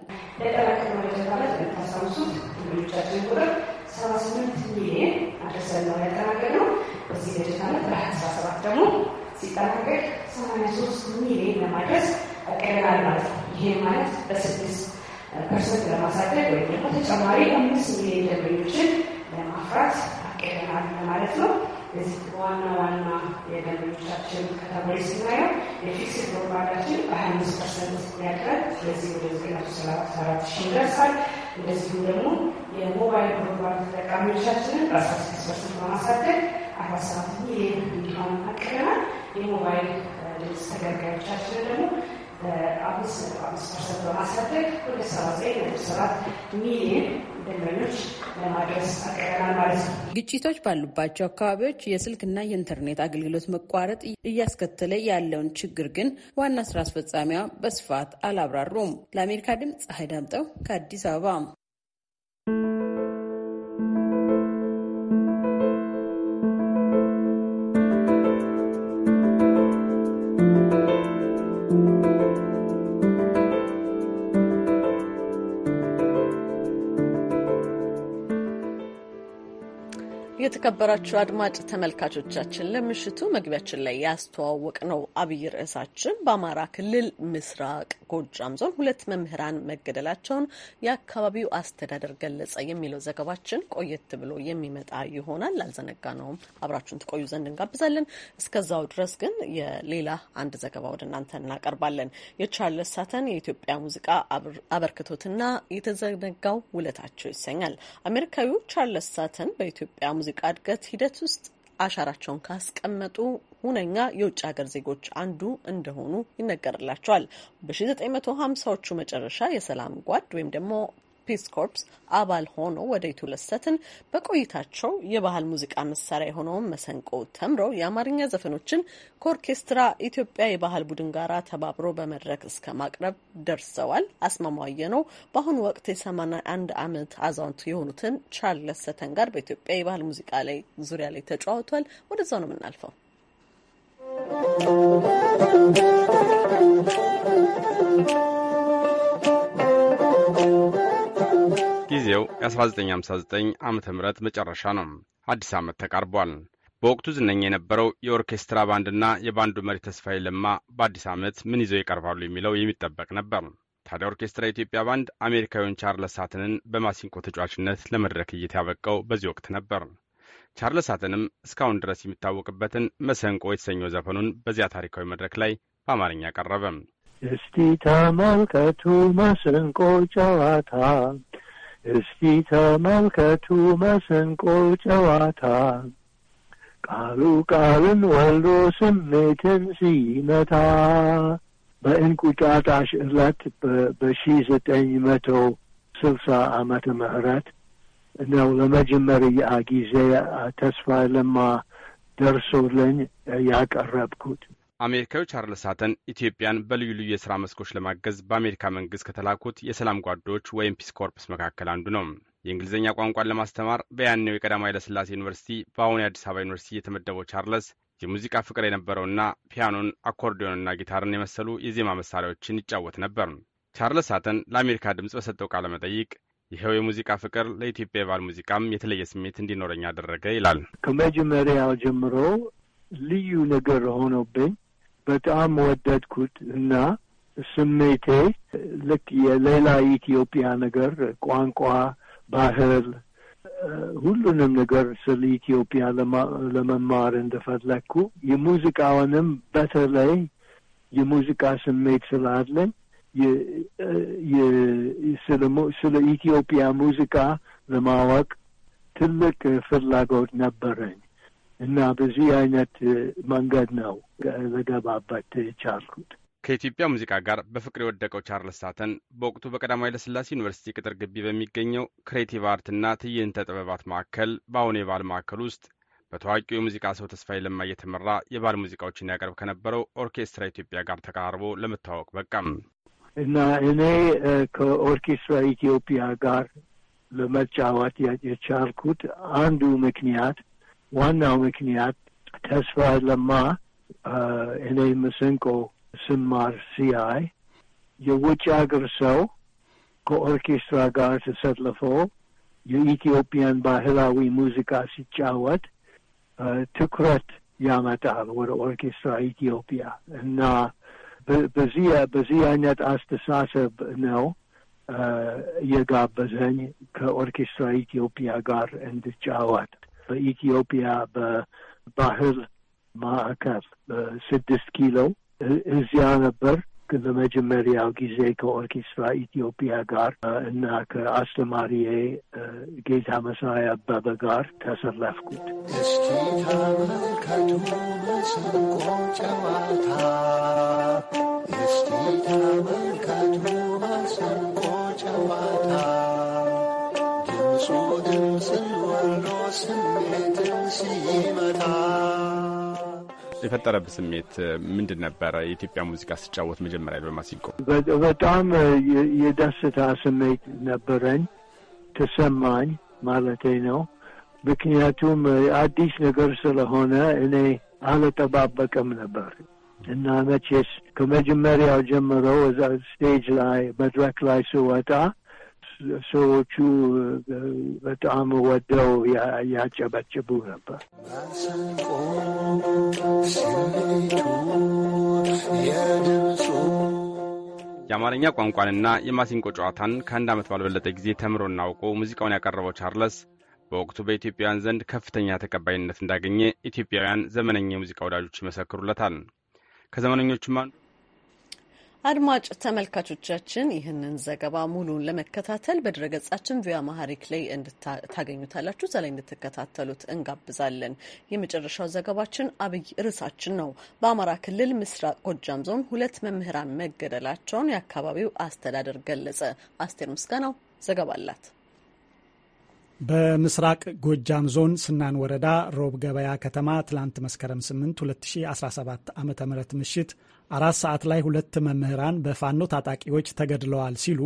ሰባ ስምንት ሚሊዮን አድርሰን ነው ያጠናቀቅነው። በዚህ በጀት ዓመት በአስራ ሰባት ደግሞ ሲጠናቀቅ ሰማንያ ሶስት ሚሊየን ለማድረስ አቅደናል ማለት ነው። ይሄ ማለት በስድስት ፐርሰንት ለማሳደግ ወይም ደግሞ ተጨማሪ አምስት ሚሊየን ደንበኞችን ለማፍራት አቅደናል ማለት ነው። ዋና ዋና የደንበኞቻችን ካተጎሪ ስናየው የፊክስድ ሎምባርዳችን በሀያ አምስት ፐርሰንት ያድራል። ስለዚህ ወደ ዘጠኝ መቶ ሰባ አራት ሺ ይደርሳል። እንደዚሁም ደግሞ የሞባይል ሎምባርድ ተጠቃሚዎቻችንን በአስራ ስድስት ፐርሰንት በማሳደግ አርባ ሰባት ሚሊዮን እንዲሆን አቅደናል። የሞባይል ድምፅ ተገልጋዮቻችንን ደግሞ በአምስት ነጥብ አምስት ፐርሰንት በማሳደግ ወደ ሰባ ዘጠኝ ነጥብ ሰባት ሚሊዮን ግጭቶች ባሉባቸው አካባቢዎች የስልክና የኢንተርኔት አገልግሎት መቋረጥ እያስከተለ ያለውን ችግር ግን ዋና ስራ አስፈጻሚዋ በስፋት አላብራሩም። ለአሜሪካ ድምፅ ፀሐይ ዳምጠው ከአዲስ አበባ የተከበራችሁ አድማጭ ተመልካቾቻችን ለምሽቱ መግቢያችን ላይ ያስተዋወቅ ነው አብይ ርዕሳችን በአማራ ክልል ምስራቅ ጎጃም ዞን ሁለት መምህራን መገደላቸውን የአካባቢው አስተዳደር ገለጸ የሚለው ዘገባችን ቆየት ብሎ የሚመጣ ይሆናል። አልዘነጋነውም። አብራችሁን ትቆዩ ዘንድ እንጋብዛለን። እስከዛው ድረስ ግን የሌላ አንድ ዘገባ ወደ እናንተ እናቀርባለን። የቻርለስ ሳተን የኢትዮጵያ ሙዚቃ አበርክቶትና የተዘነጋው ውለታቸው ይሰኛል። አሜሪካዊው ቻርለስ ሳተን በኢትዮጵያ ሙዚቃ እድገት ሂደት ውስጥ አሻራቸውን ካስቀመጡ ሁነኛ የውጭ ሀገር ዜጎች አንዱ እንደሆኑ ይነገርላቸዋል። በ1950ዎቹ መጨረሻ የሰላም ጓድ ወይም ደግሞ ፒስ ኮርፕስ አባል ሆኖ ወደ ኢትዮለሰትን በቆይታቸው የባህል ሙዚቃ መሳሪያ የሆነውን መሰንቆ ተምረው የአማርኛ ዘፈኖችን ከኦርኬስትራ ኢትዮጵያ የባህል ቡድን ጋራ ተባብሮ በመድረክ እስከ ማቅረብ ደርሰዋል። አስማማየ ነው በአሁኑ ወቅት የሰማንያ አንድ አመት አዛውንት የሆኑትን ቻርለስ ሰተን ጋር በኢትዮጵያ የባህል ሙዚቃ ላይ ዙሪያ ላይ ተጫውቷል። ወደዛው ነው የምናልፈው። Thank you. ጊዜው የ1959 ዓ ም መጨረሻ ነው። አዲስ ዓመት ተቃርቧል። በወቅቱ ዝነኛ የነበረው የኦርኬስትራ ባንድና የባንዱ መሪ ተስፋዬ ለማ በአዲስ ዓመት ምን ይዘው ይቀርባሉ የሚለው የሚጠበቅ ነበር። ታዲያ ኦርኬስትራ የኢትዮጵያ ባንድ አሜሪካዊውን ቻርለስ ሳትንን በማሲንቆ ተጫዋችነት ለመድረክ እይታ ያበቃው በዚህ ወቅት ነበር። ቻርለስ ሳትንም እስካሁን ድረስ የሚታወቅበትን መሰንቆ የተሰኘው ዘፈኑን በዚያ ታሪካዊ መድረክ ላይ በአማርኛ ቀረበ። እስቲ ተመልከቱ መሰንቆ ጨዋታ እስቲ ተመልከቱ መሰንቆ ጨዋታ ቃሉ ቃልን ወልዶ ስሜትን ሲመታ በእንቁጣጣሽ እለት በሺ ዘጠኝ መቶ ስልሳ ዓመተ ምህረት ነው ለመጀመሪያ ጊዜ ተስፋ ለማ ደርሶልኝ ያቀረብኩት። አሜሪካዊ ቻርልስ ሳተን ኢትዮጵያን በልዩ ልዩ የሥራ መስኮች ለማገዝ በአሜሪካ መንግሥት ከተላኩት የሰላም ጓዶች ወይም ፒስ ኮርፕስ መካከል አንዱ ነው። የእንግሊዝኛ ቋንቋን ለማስተማር በያኔው የቀዳማዊ ኃይለሥላሴ ዩኒቨርሲቲ በአሁኑ የአዲስ አበባ ዩኒቨርሲቲ የተመደበው ቻርለስ የሙዚቃ ፍቅር የነበረውና ፒያኖን፣ አኮርዲዮንና ጊታርን የመሰሉ የዜማ መሳሪያዎችን ይጫወት ነበር። ቻርለስ ሳተን ለአሜሪካ ድምፅ በሰጠው ቃለ መጠይቅ ይኸው የሙዚቃ ፍቅር ለኢትዮጵያ የባህል ሙዚቃም የተለየ ስሜት እንዲኖረኝ አደረገ ይላል። ከመጀመሪያው ጀምሮ ልዩ ነገር ሆኖብኝ በጣም ወደድኩት እና ስሜቴ ልክ የሌላ ኢትዮጵያ ነገር ቋንቋ፣ ባህል፣ ሁሉንም ነገር ስለ ኢትዮጵያ ለመማር እንደፈለግኩ የሙዚቃውንም በተለይ የሙዚቃ ስሜት ስላለኝ ስለ ኢትዮጵያ ሙዚቃ ለማወቅ ትልቅ ፍላጎት ነበረኝ። እና በዚህ አይነት መንገድ ነው በገባበት የቻልኩት። ከኢትዮጵያ ሙዚቃ ጋር በፍቅር የወደቀው ቻርልስ ሳተን በወቅቱ በቀዳማዊ ኃይለ ዩኒቨርሲቲ ቅጥር ግቢ በሚገኘው ክሬቲቭ አርትና ትዕይንተ ጥበባት ማዕከል በአሁኑ የባህል ማዕከል ውስጥ በታዋቂው የሙዚቃ ሰው ተስፋዬ ለማ እየተመራ የባህል ሙዚቃዎችን ያቀርብ ከነበረው ኦርኬስትራ ኢትዮጵያ ጋር ተቀራርቦ ለመታወቅ በቃም እና እኔ ከኦርኬስትራ ኢትዮጵያ ጋር ለመጫወት የቻልኩት አንዱ ምክንያት ዋናው ምክንያት ተስፋ ለማ እኔ መሰንቆ ስማር ሲያይ የውጭ ሀገር ሰው ከኦርኬስትራ ጋር ተሰልፎ የኢትዮጵያን ባህላዊ ሙዚቃ ሲጫወት ትኩረት ያመጣል ወደ ኦርኬስትራ ኢትዮጵያ እና በዚህ በዚህ አይነት አስተሳሰብ ነው የጋበዘኝ ከኦርኬስትራ ኢትዮጵያ ጋር እንድጫወት። በኢትዮጵያ በባህር ማዕከል ስድስት ኪሎ እዚያ ነበር ለመጀመሪያው ጊዜ ከኦርኬስትራ ኢትዮጵያ ጋር እና ከአስተማሪ ጌታ መሳይ አበበ ጋር ተሰለፍኩት። እስኪ ተመልከቱ መሰንቆ ጨዋታ፣ እስኪ ተመልከቱ መሰንቆ ጨዋታ ድምፁ ድምፅን ወሎ የፈጠረብ ስሜት ምንድን ነበረ? የኢትዮጵያ ሙዚቃ ስጫወት መጀመሪያ በማሲንቆ በጣም የደስታ ስሜት ነበረኝ ተሰማኝ ማለቴ ነው። ምክንያቱም አዲስ ነገር ስለሆነ እኔ አልጠባበቅም ነበር እና መቼስ ከመጀመሪያው ጀምሮ እዛ ስቴጅ ላይ መድረክ ላይ ስወጣ ሰዎቹ በጣም ወደው ያጨበጭቡ ነበር። የአማርኛ ቋንቋንና የማሲንቆ ጨዋታን ከአንድ ዓመት ባልበለጠ ጊዜ ተምሮና አውቆ ሙዚቃውን ያቀረበው ቻርለስ በወቅቱ በኢትዮጵያውያን ዘንድ ከፍተኛ ተቀባይነት እንዳገኘ ኢትዮጵያውያን ዘመነኛ የሙዚቃ ወዳጆች ይመሰክሩለታል። ከዘመነኞቹም አንዱ አድማጭ ተመልካቾቻችን ይህንን ዘገባ ሙሉን ለመከታተል በድረገጻችን ቪያ ማሀሪክ ላይ እንድታገኙታላችሁ እዛ እንድትከታተሉት እንጋብዛለን። የመጨረሻው ዘገባችን አብይ ርዕሳችን ነው። በአማራ ክልል ምስራቅ ጎጃም ዞን ሁለት መምህራን መገደላቸውን የአካባቢው አስተዳደር ገለጸ። አስቴር ምስጋናው ዘገባ አላት። በምስራቅ ጎጃም ዞን ስናን ወረዳ ሮብ ገበያ ከተማ ትላንት መስከረም 8 2017 ዓ ም ምሽት አራት ሰዓት ላይ ሁለት መምህራን በፋኖ ታጣቂዎች ተገድለዋል ሲሉ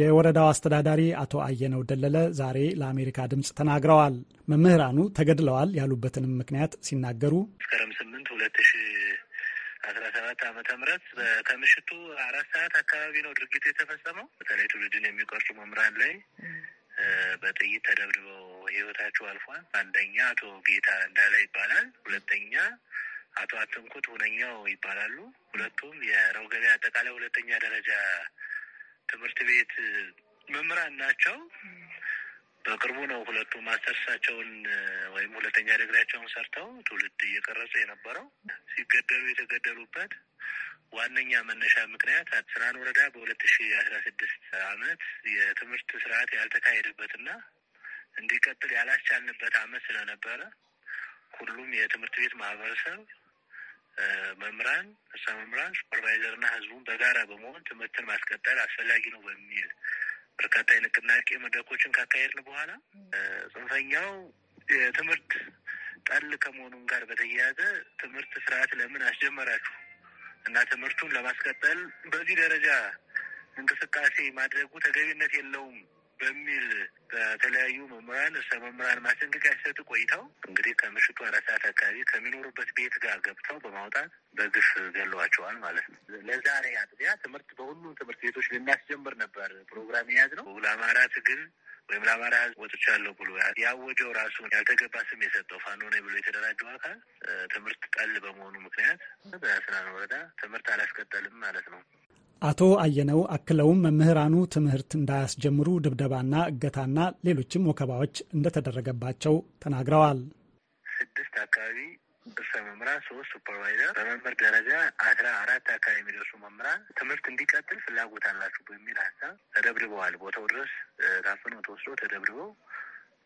የወረዳው አስተዳዳሪ አቶ አየነው ደለለ ዛሬ ለአሜሪካ ድምፅ ተናግረዋል። መምህራኑ ተገድለዋል ያሉበትንም ምክንያት ሲናገሩ መስከረም 8 2017 ዓ ም ከምሽቱ አራት ሰዓት አካባቢ ነው ድርጊቱ የተፈጸመው። በተለይ ትውልድን የሚቀርሱ መምህራን ላይ በጥይት ተደብድበው ህይወታቸው አልፏል። አንደኛ አቶ ጌታ እንዳለ ይባላል። ሁለተኛ አቶ አትንኩት ሁነኛው ይባላሉ። ሁለቱም የረው ገበያ አጠቃላይ ሁለተኛ ደረጃ ትምህርት ቤት መምህራን ናቸው። በቅርቡ ነው ሁለቱ ማስተርሳቸውን ወይም ሁለተኛ ዲግሪያቸውን ሰርተው ትውልድ እየቀረጹ የነበረው ሲገደሉ የተገደሉበት ዋነኛ መነሻ ምክንያት አስራን ወረዳ በሁለት ሺ አስራ ስድስት አመት የትምህርት ስርዓት ያልተካሄደበትና እንዲቀጥል ያላስቻልንበት አመት ስለነበረ ሁሉም የትምህርት ቤት ማህበረሰብ መምህራን፣ እርሰ መምህራን፣ ሱፐርቫይዘርና ህዝቡን በጋራ በመሆን ትምህርትን ማስቀጠል አስፈላጊ ነው በሚል በርካታ የንቅናቄ መድረኮችን ካካሄድን በኋላ ጽንፈኛው የትምህርት ጠል ከመሆኑም ጋር በተያያዘ ትምህርት ስርዓት ለምን አስጀመራችሁ እና ትምህርቱን ለማስቀጠል በዚህ ደረጃ እንቅስቃሴ ማድረጉ ተገቢነት የለውም በሚል በተለያዩ መምህራን እሰ መምህራን ማስጠንቀቂያ ሲሰጡ ቆይተው እንግዲህ ከምሽቱ አራት ሰዓት አካባቢ ከሚኖሩበት ቤት ጋር ገብተው በማውጣት በግፍ ገለዋቸዋል ማለት ነው። ለዛሬ አጥቢያ ትምህርት በሁሉም ትምህርት ቤቶች ልናስጀምር ነበር ፕሮግራም የያዝነው ለአማራት ግን ወይም ለአማራ ሕዝብ ወጥቻለሁ ብሎ ያወጀው ራሱ ያልተገባ ስም የሰጠው ፋኖ ነኝ ብሎ የተደራጀው አካል ትምህርት ጠል በመሆኑ ምክንያት በስናን ወረዳ ትምህርት አላስቀጠልም ማለት ነው። አቶ አየነው አክለውም መምህራኑ ትምህርት እንዳያስጀምሩ ድብደባና እገታና ሌሎችም ወከባዎች እንደተደረገባቸው ተናግረዋል። ስድስት አካባቢ ርዕሰ መምህራን ሶስት ሱፐርቫይዘር በመምህር ደረጃ አስራ አራት አካባቢ የሚደርሱ መምህራን ትምህርት እንዲቀጥል ፍላጎት አላችሁ በሚል ሀሳብ ተደብድበዋል። ቦታው ድረስ ታፍነው ተወስዶ ተደብድበው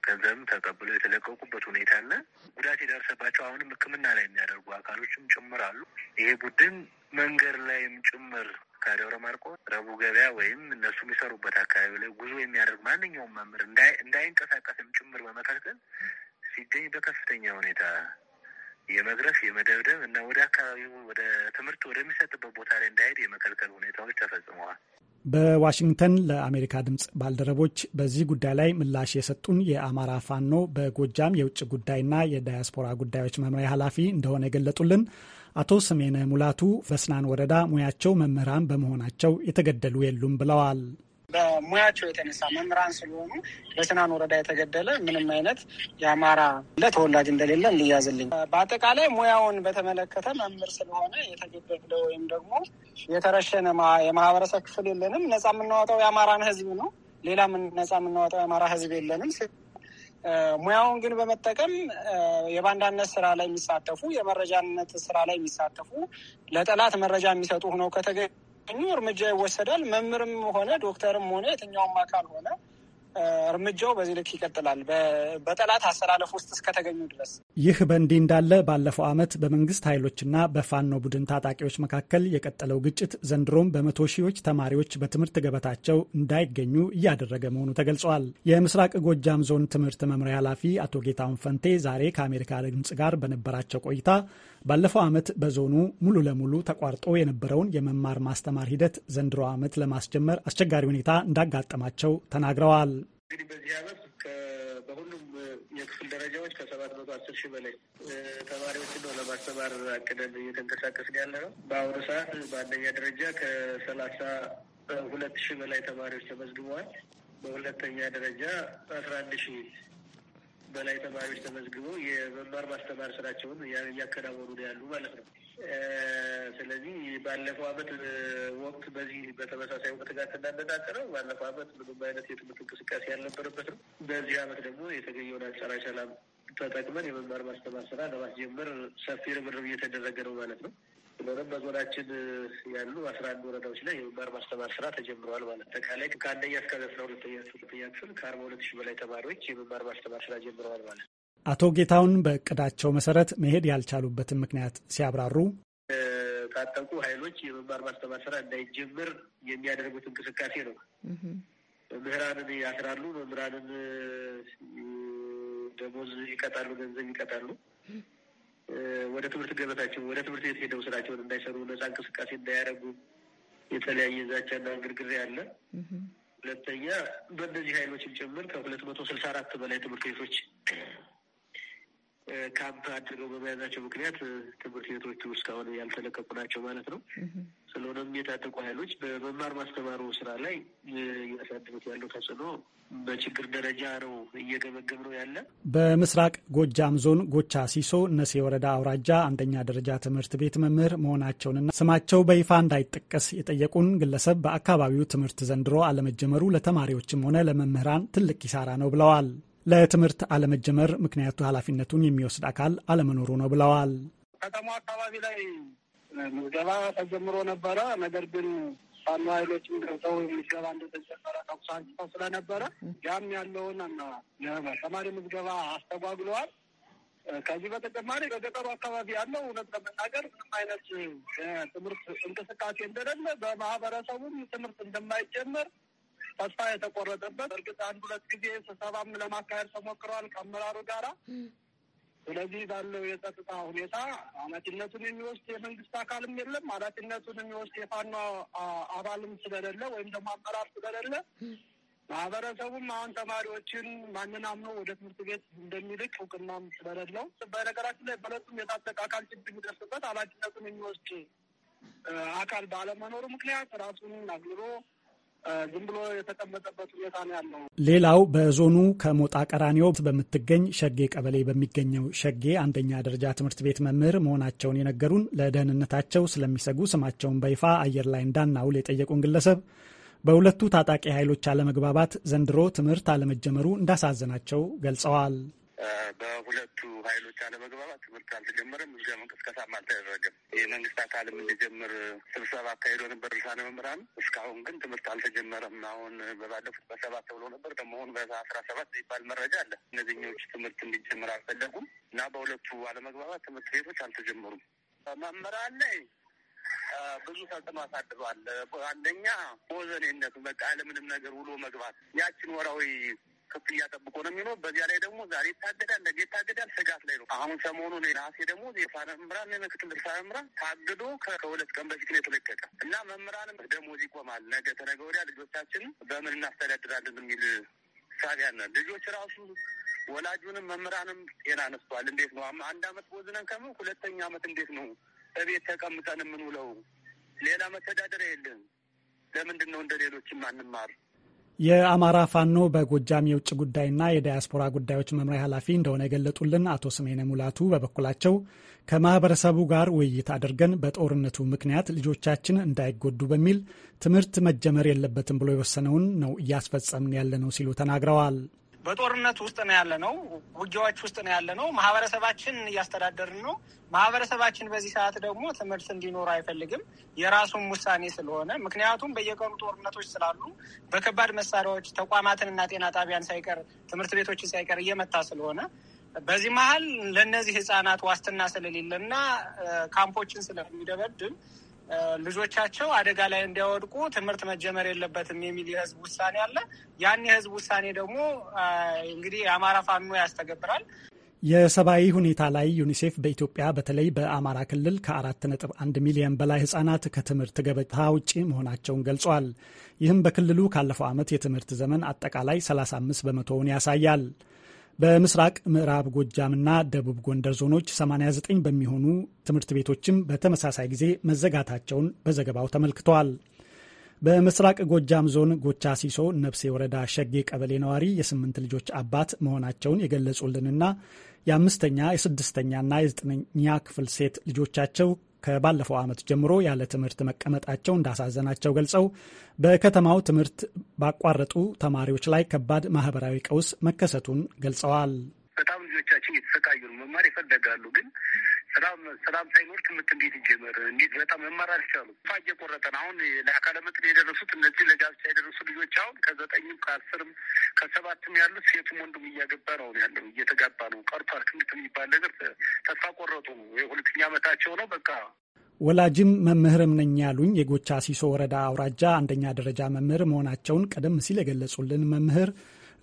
ገንዘብም ተቀብለው የተለቀቁበት ሁኔታ አለ። ጉዳት የደረሰባቸው አሁንም ሕክምና ላይ የሚያደርጉ አካሎችም ጭምር አሉ። ይሄ ቡድን መንገድ ላይም ጭምር ከደብረ ማርቆስ ረቡዕ ገበያ ወይም እነሱ የሚሰሩበት አካባቢ ላይ ጉዞ የሚያደርግ ማንኛውም መምህር እንዳይንቀሳቀስም ጭምር በመከልከል ሲገኝ በከፍተኛ ሁኔታ የመግረፍ የመደብደብ እና ወደ አካባቢው ወደ ትምህርት ወደሚሰጥበት ቦታ ላይ እንዳይሄድ የመከልከል ሁኔታዎች ተፈጽመዋል። በዋሽንግተን ለአሜሪካ ድምፅ ባልደረቦች በዚህ ጉዳይ ላይ ምላሽ የሰጡን የአማራ ፋኖ በጎጃም የውጭ ጉዳይና የዳያስፖራ ጉዳዮች መምሪያ ኃላፊ እንደሆነ የገለጡልን አቶ ስሜነ ሙላቱ በስናን ወረዳ ሙያቸው መምህራን በመሆናቸው የተገደሉ የሉም ብለዋል። በሙያቸው የተነሳ መምህራን ስለሆኑ በስናን ወረዳ የተገደለ ምንም አይነት የአማራ ተወላጅ እንደሌለ እንያዝልኝ። በአጠቃላይ ሙያውን በተመለከተ መምህር ስለሆነ የተገደለ ወይም ደግሞ የተረሸነ የማህበረሰብ ክፍል የለንም። ነጻ የምናወጣው የአማራን ህዝብ ነው። ሌላ ነጻ የምናወጣው የአማራ ህዝብ የለንም። ሙያውን ግን በመጠቀም የባንዳነት ስራ ላይ የሚሳተፉ የመረጃነት ስራ ላይ የሚሳተፉ ለጠላት መረጃ የሚሰጡ ሆነው ከተገኙ ካገኙ እርምጃ ይወሰዳል። መምህርም ሆነ ዶክተርም ሆነ የትኛውም አካል ሆነ እርምጃው በዚህ ልክ ይቀጥላል፣ በጠላት አሰላለፍ ውስጥ እስከተገኙ ድረስ። ይህ በእንዲህ እንዳለ ባለፈው ዓመት በመንግስት ኃይሎችና በፋኖ ቡድን ታጣቂዎች መካከል የቀጠለው ግጭት ዘንድሮም በመቶ ሺዎች ተማሪዎች በትምህርት ገበታቸው እንዳይገኙ እያደረገ መሆኑ ተገልጿል። የምስራቅ ጎጃም ዞን ትምህርት መምሪያ ኃላፊ አቶ ጌታሁን ፈንቴ ዛሬ ከአሜሪካ ድምጽ ጋር በነበራቸው ቆይታ ባለፈው ዓመት በዞኑ ሙሉ ለሙሉ ተቋርጦ የነበረውን የመማር ማስተማር ሂደት ዘንድሮ ዓመት ለማስጀመር አስቸጋሪ ሁኔታ እንዳጋጠማቸው ተናግረዋል። እንግዲህ በዚህ ዓመት በሁሉም የክፍል ደረጃዎች ከሰባት መቶ አስር ሺህ በላይ ተማሪዎችን ነው ለማስተማር አቅደን እየተንቀሳቀስን ያለ ነው። በአሁኑ ሰዓት በአንደኛ ደረጃ ከሰላሳ ሁለት ሺህ በላይ ተማሪዎች ተመዝግበዋል። በሁለተኛ ደረጃ አስራ አንድ ሺህ በላይ ተማሪዎች ተመዝግበው የመማር ማስተማር ስራቸውን እያከናወኑ ነው ያሉ ማለት ነው። ስለዚህ ባለፈው አመት ወቅት በዚህ በተመሳሳይ ወቅት ጋር ስናነጣጥረው ባለፈው አመት ምንም አይነት የትምህርት እንቅስቃሴ ያልነበረበት ነው። በዚህ አመት ደግሞ የተገኘውን አንጻራዊ ሰላም ተጠቅመን የመማር ማስተማር ስራ ለማስጀመር ሰፊ ርብርብ እየተደረገ ነው ማለት ነው። ስለሆነም በዞናችን ያሉ አስራ አንድ ወረዳዎች ላይ የመማር ማስተማር ስራ ተጀምረዋል ማለት አጠቃላይ ከአንደኛ እስከ አስራ ሁለተኛ ሁለተኛ ክፍል ከአርባ ሁለት ሺህ በላይ ተማሪዎች የመማር ማስተማር ስራ ጀምረዋል ማለት አቶ ጌታውን በእቅዳቸው መሰረት መሄድ ያልቻሉበትን ምክንያት ሲያብራሩ ታጠቁ ኃይሎች የመማር ማስተማር ስራ እንዳይጀምር የሚያደርጉት እንቅስቃሴ ነው። መምህራንን ያስራሉ። መምህራንን ደሞዝ ይቀጣሉ፣ ገንዘብ ይቀጣሉ። ወደ ትምህርት ገበታቸው ወደ ትምህርት ቤት ሄደው ስራቸውን እንዳይሰሩ ነጻ እንቅስቃሴ እንዳያደርጉ የተለያየ ዛቻና ግርግር ያለ። ሁለተኛ በእነዚህ ኃይሎችም ጭምር ከሁለት መቶ ስልሳ አራት በላይ ትምህርት ቤቶች ካምፕ አድርገው በመያዛቸው ምክንያት ትምህርት ቤቶቹ እስካሁን ያልተለቀቁ ናቸው ማለት ነው። ስለሆነም የታጠቁ ኃይሎች በመማር ማስተማሩ ስራ ላይ እያሳድሩት ያለው ተጽዕኖ በችግር ደረጃ ነው እየገመገም ነው ያለ። በምስራቅ ጎጃም ዞን ጎቻ ሲሶ እነሴ ወረዳ አውራጃ አንደኛ ደረጃ ትምህርት ቤት መምህር መሆናቸውንና ስማቸው በይፋ እንዳይጠቀስ የጠየቁን ግለሰብ በአካባቢው ትምህርት ዘንድሮ አለመጀመሩ ለተማሪዎችም ሆነ ለመምህራን ትልቅ ኪሳራ ነው ብለዋል። ለትምህርት አለመጀመር ምክንያቱ ኃላፊነቱን የሚወስድ አካል አለመኖሩ ነው ብለዋል። ከተማ አካባቢ ላይ ምዝገባ ተጀምሮ ነበረ። ነገር ግን ፋኖ ኃይሎችም ገብተው ምዝገባ እንደተጀመረ ተኩስ አንስተው ስለነበረ ያም ያለውን ተማሪ ምዝገባ አስተጓጉለዋል። ከዚህ በተጨማሪ በገጠሩ አካባቢ ያለው እውነት ለመናገር ምንም አይነት ትምህርት እንቅስቃሴ እንደሌለ፣ በማህበረሰቡም ትምህርት እንደማይጀመር ተስፋ የተቆረጠበት። እርግጥ አንድ ሁለት ጊዜ ስብሰባም ለማካሄድ ተሞክረዋል ከአመራሩ ጋራ። ስለዚህ ባለው የጸጥታ ሁኔታ ኃላፊነቱን የሚወስድ የመንግስት አካልም የለም። ኃላፊነቱን የሚወስድ የፋኖ አባልም ስለሌለ ወይም ደግሞ አመራር ስለሌለ ማህበረሰቡም አሁን ተማሪዎችን ማንን አምኖ ወደ ትምህርት ቤት እንደሚልክ እውቅናም ስለሌለው፣ በነገራችን ላይ በሁለቱም የታጠቀ አካል ችግር የሚደርስበት ኃላፊነቱን የሚወስድ አካል ባለመኖሩ ምክንያት ራሱን አግልሎ ዝም ብሎ የተቀመጠበት ሁኔታ ነው ያለው። ሌላው በዞኑ ከሞጣ ቀራኒዮ በምትገኝ ሸጌ ቀበሌ በሚገኘው ሸጌ አንደኛ ደረጃ ትምህርት ቤት መምህር መሆናቸውን የነገሩን ለደህንነታቸው ስለሚሰጉ ስማቸውን በይፋ አየር ላይ እንዳናውል የጠየቁን ግለሰብ በሁለቱ ታጣቂ ኃይሎች አለመግባባት ዘንድሮ ትምህርት አለመጀመሩ እንዳሳዘናቸው ገልጸዋል። በሁለቱ ኃይሎች አለመግባባት ትምህርት አልተጀመረም፣ ምዝገባ እንቅስቃሴም አልተደረገም። የመንግስት አካልም እንዲጀምር ስብሰባ አካሂዶ ነበር ርዕሳነ መምህራን። እስካሁን ግን ትምህርት አልተጀመረም። አሁን በባለፉት በሰባት ተብሎ ነበር ደግሞ አሁን በአስራ ሰባት ይባል መረጃ አለ። እነዚህኞች ትምህርት እንዲጀምር አልፈለጉም እና በሁለቱ አለመግባባት ትምህርት ቤቶች አልተጀመሩም። መምህራን ላይ ብዙ ተጽዕኖ አሳድሯል። አንደኛ ወዘኔነቱ በቃ ለምንም ነገር ውሎ መግባት ያችን ወራዊ ክፍያ ጠብቆ ነው የሚኖር። በዚያ ላይ ደግሞ ዛሬ ይታገዳል፣ ነገ ይታገዳል። ስጋት ላይ ነው። አሁን ሰሞኑ ነሐሴ ደግሞ የፋና መምህራን ምክትል ርዕሰ መምህራን ታግዶ ከሁለት ቀን በፊት ነው የተለቀቀ እና መምህራንም ደሞዝ ይቆማል፣ ነገ ተነገ ወዲያ ልጆቻችን በምን እናስተዳድራለን የሚል ሳቢያ ነ ልጆች ራሱ ወላጁንም መምህራንም ጤና አነስቷል። እንዴት ነው አንድ አመት ቦዝነን ከም ሁለተኛ አመት እንዴት ነው እቤት ተቀምጠን የምንውለው? ሌላ መተዳደሪያ የለን። ለምንድን ነው እንደ ሌሎች ማንማር? የአማራ ፋኖ በጎጃም የውጭ ጉዳይና የዳያስፖራ ጉዳዮች መምሪያ ኃላፊ እንደሆነ የገለጡልን አቶ ስሜነ ሙላቱ በበኩላቸው ከማህበረሰቡ ጋር ውይይት አድርገን በጦርነቱ ምክንያት ልጆቻችን እንዳይጎዱ በሚል ትምህርት መጀመር የለበትም ብሎ የወሰነውን ነው እያስፈጸምን ያለነው ሲሉ ተናግረዋል። በጦርነት ውስጥ ነው ያለ ነው። ውጊያዎች ውስጥ ነው ያለ ነው። ማህበረሰባችን እያስተዳደርን ነው። ማህበረሰባችን በዚህ ሰዓት ደግሞ ትምህርት እንዲኖር አይፈልግም። የራሱን ውሳኔ ስለሆነ ምክንያቱም በየቀኑ ጦርነቶች ስላሉ በከባድ መሳሪያዎች ተቋማትንና ጤና ጣቢያን ሳይቀር ትምህርት ቤቶችን ሳይቀር እየመታ ስለሆነ በዚህ መሀል ለእነዚህ ህጻናት ዋስትና ስለሌለና ካምፖችን ስለሚደበድም ልጆቻቸው አደጋ ላይ እንዲያወድቁ ትምህርት መጀመር የለበትም የሚል የህዝብ ውሳኔ አለ። ያን የህዝብ ውሳኔ ደግሞ እንግዲህ የአማራ ፋኖ ያስተገብራል። የሰብአዊ ሁኔታ ላይ ዩኒሴፍ በኢትዮጵያ በተለይ በአማራ ክልል ከ4.1 ሚሊዮን በላይ ህጻናት ከትምህርት ገበታ ውጪ መሆናቸውን ገልጿል። ይህም በክልሉ ካለፈው ዓመት የትምህርት ዘመን አጠቃላይ 35 በመቶውን ያሳያል። በምስራቅ ምዕራብ ጎጃምና ደቡብ ጎንደር ዞኖች 89 በሚሆኑ ትምህርት ቤቶችም በተመሳሳይ ጊዜ መዘጋታቸውን በዘገባው ተመልክተዋል። በምስራቅ ጎጃም ዞን ጎቻ ሲሶ ነፍሴ ወረዳ ሸጌ ቀበሌ ነዋሪ የስምንት ልጆች አባት መሆናቸውን የገለጹልንና የአምስተኛ የስድስተኛና የዘጠነኛ ክፍል ሴት ልጆቻቸው ከባለፈው ዓመት ጀምሮ ያለ ትምህርት መቀመጣቸው እንዳሳዘናቸው ገልጸው በከተማው ትምህርት ባቋረጡ ተማሪዎች ላይ ከባድ ማህበራዊ ቀውስ መከሰቱን ገልጸዋል። በጣም ልጆቻችን እየተሰቃዩ ነው። መማር ይፈልጋሉ ግን ስራም ስራም ሳይኖር ትምህርት እንዴት ይጀመር? እንዴት በጣም መማር አልቻሉም። ፋ እየቆረጠን አሁን ለአካለ መጠን የደረሱት እነዚህ ለጋብቻ የደረሱ ልጆች አሁን ከዘጠኝም ከአስርም ከሰባትም ያሉት ሴቱም ወንዱም እያገባ ነው ያለው እየተጋባ ነው። ቀርቷል። ትምህርት የሚባል ነገር ተስፋ ቆረጡ። የሁለተኛ ዓመታቸው ነው በቃ ወላጅም መምህርም ነኝ ያሉኝ የጎቻ ሲሶ ወረዳ አውራጃ አንደኛ ደረጃ መምህር መሆናቸውን ቀደም ሲል የገለጹልን መምህር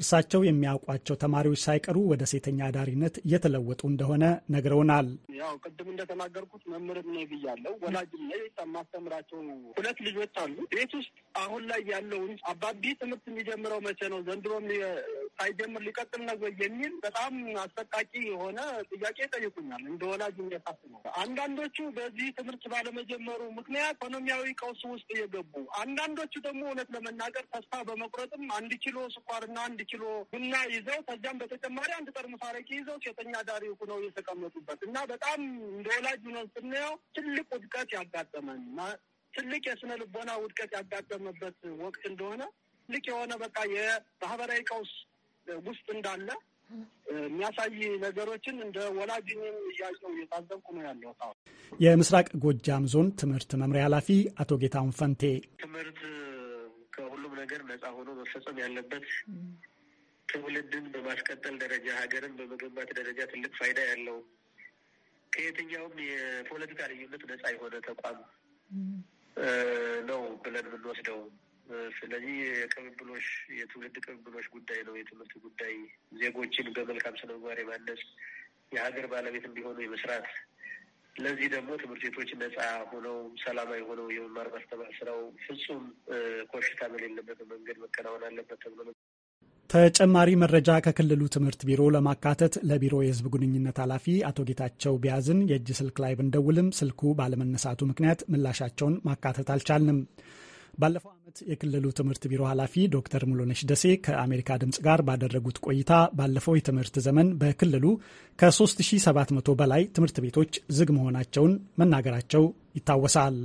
እርሳቸው የሚያውቋቸው ተማሪዎች ሳይቀሩ ወደ ሴተኛ አዳሪነት እየተለወጡ እንደሆነ ነግረውናል። ያው ቅድም እንደተናገርኩት መምህርም ነኝ ብያለሁ። ወላጅም ነኝ። የማስተምራቸው ሁለት ልጆች አሉ። ቤት ውስጥ አሁን ላይ ያለውን አባቢ ትምህርት የሚጀምረው መቼ ነው ዘንድሮም ሳይጀምር ሊቀጥል ነው የሚል በጣም አሰቃቂ የሆነ ጥያቄ ይጠይቁኛል። እንደ ወላጅ ነው። አንዳንዶቹ በዚህ ትምህርት ባለመጀመሩ ምክንያት ኢኮኖሚያዊ ቀውስ ውስጥ እየገቡ አንዳንዶቹ ደግሞ እውነት ለመናገር ተስፋ በመቁረጥም አንድ ኪሎ ስኳርና አንድ ኪሎ ቡና ይዘው ከዚያም በተጨማሪ አንድ ጠርሙስ አረቂ ይዘው ሴተኛ ዳሪ ሁነው የተቀመጡበት እና በጣም እንደ ወላጅ ሆነን ስናየው ትልቅ ውድቀት ያጋጠመን ትልቅ የስነ ልቦና ውድቀት ያጋጠመበት ወቅት እንደሆነ ትልቅ የሆነ በቃ የማህበራዊ ቀውስ ውስጥ እንዳለ የሚያሳይ ነገሮችን እንደ ወላጅ እያየሁ እየታዘብኩ ነው ያለው። የምስራቅ ጎጃም ዞን ትምህርት መምሪያ ኃላፊ አቶ ጌታሁን ፈንቴ ትምህርት ከሁሉም ነገር ነጻ ሆኖ መፈጸም ያለበት ትውልድን በማስቀጠል ደረጃ ሀገርን በመገንባት ደረጃ ትልቅ ፋይዳ ያለው ከየትኛውም የፖለቲካ ልዩነት ነጻ የሆነ ተቋም ነው ብለን የምንወስደው። ስለዚህ የቅብብሎሽ የትውልድ ቅብብሎሽ ጉዳይ ነው። የትምህርት ጉዳይ ዜጎችን በመልካም ስነምግባር የማነስ የማነጽ የሀገር ባለቤት እንዲሆኑ የመስራት ለዚህ ደግሞ ትምህርት ቤቶች ነጻ ሆነው ሰላማዊ ሆነው የመማር ማስተማር ስራው ፍጹም ኮሽታ በሌለበት መንገድ መከናወን አለበት ተብሎ ተጨማሪ መረጃ ከክልሉ ትምህርት ቢሮ ለማካተት ለቢሮ የህዝብ ግንኙነት ኃላፊ አቶ ጌታቸው ቢያዝን የእጅ ስልክ ላይ ብንደውልም ስልኩ ባለመነሳቱ ምክንያት ምላሻቸውን ማካተት አልቻልንም። ባለፈው ዓመት የክልሉ ትምህርት ቢሮ ኃላፊ ዶክተር ሙሉነሽ ደሴ ከአሜሪካ ድምፅ ጋር ባደረጉት ቆይታ ባለፈው የትምህርት ዘመን በክልሉ ከ3700 በላይ ትምህርት ቤቶች ዝግ መሆናቸውን መናገራቸው ይታወሳል።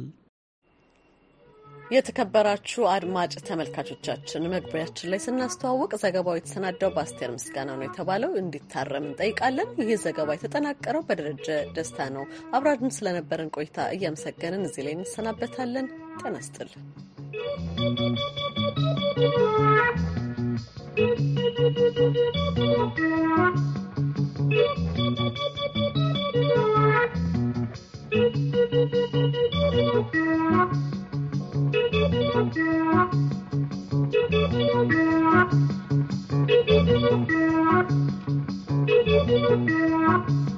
የተከበራችሁ አድማጭ ተመልካቾቻችን መግቢያችን ላይ ስናስተዋውቅ ዘገባው የተሰናዳው በአስቴር ምስጋና ነው የተባለው እንዲታረም እንጠይቃለን። ይህ ዘገባ የተጠናቀረው በደረጀ ደስታ ነው። አብራድን ስለነበረን ቆይታ እያመሰገንን እዚህ ላይ እንሰናበታለን። ጤና ይስጥልን። Thank you.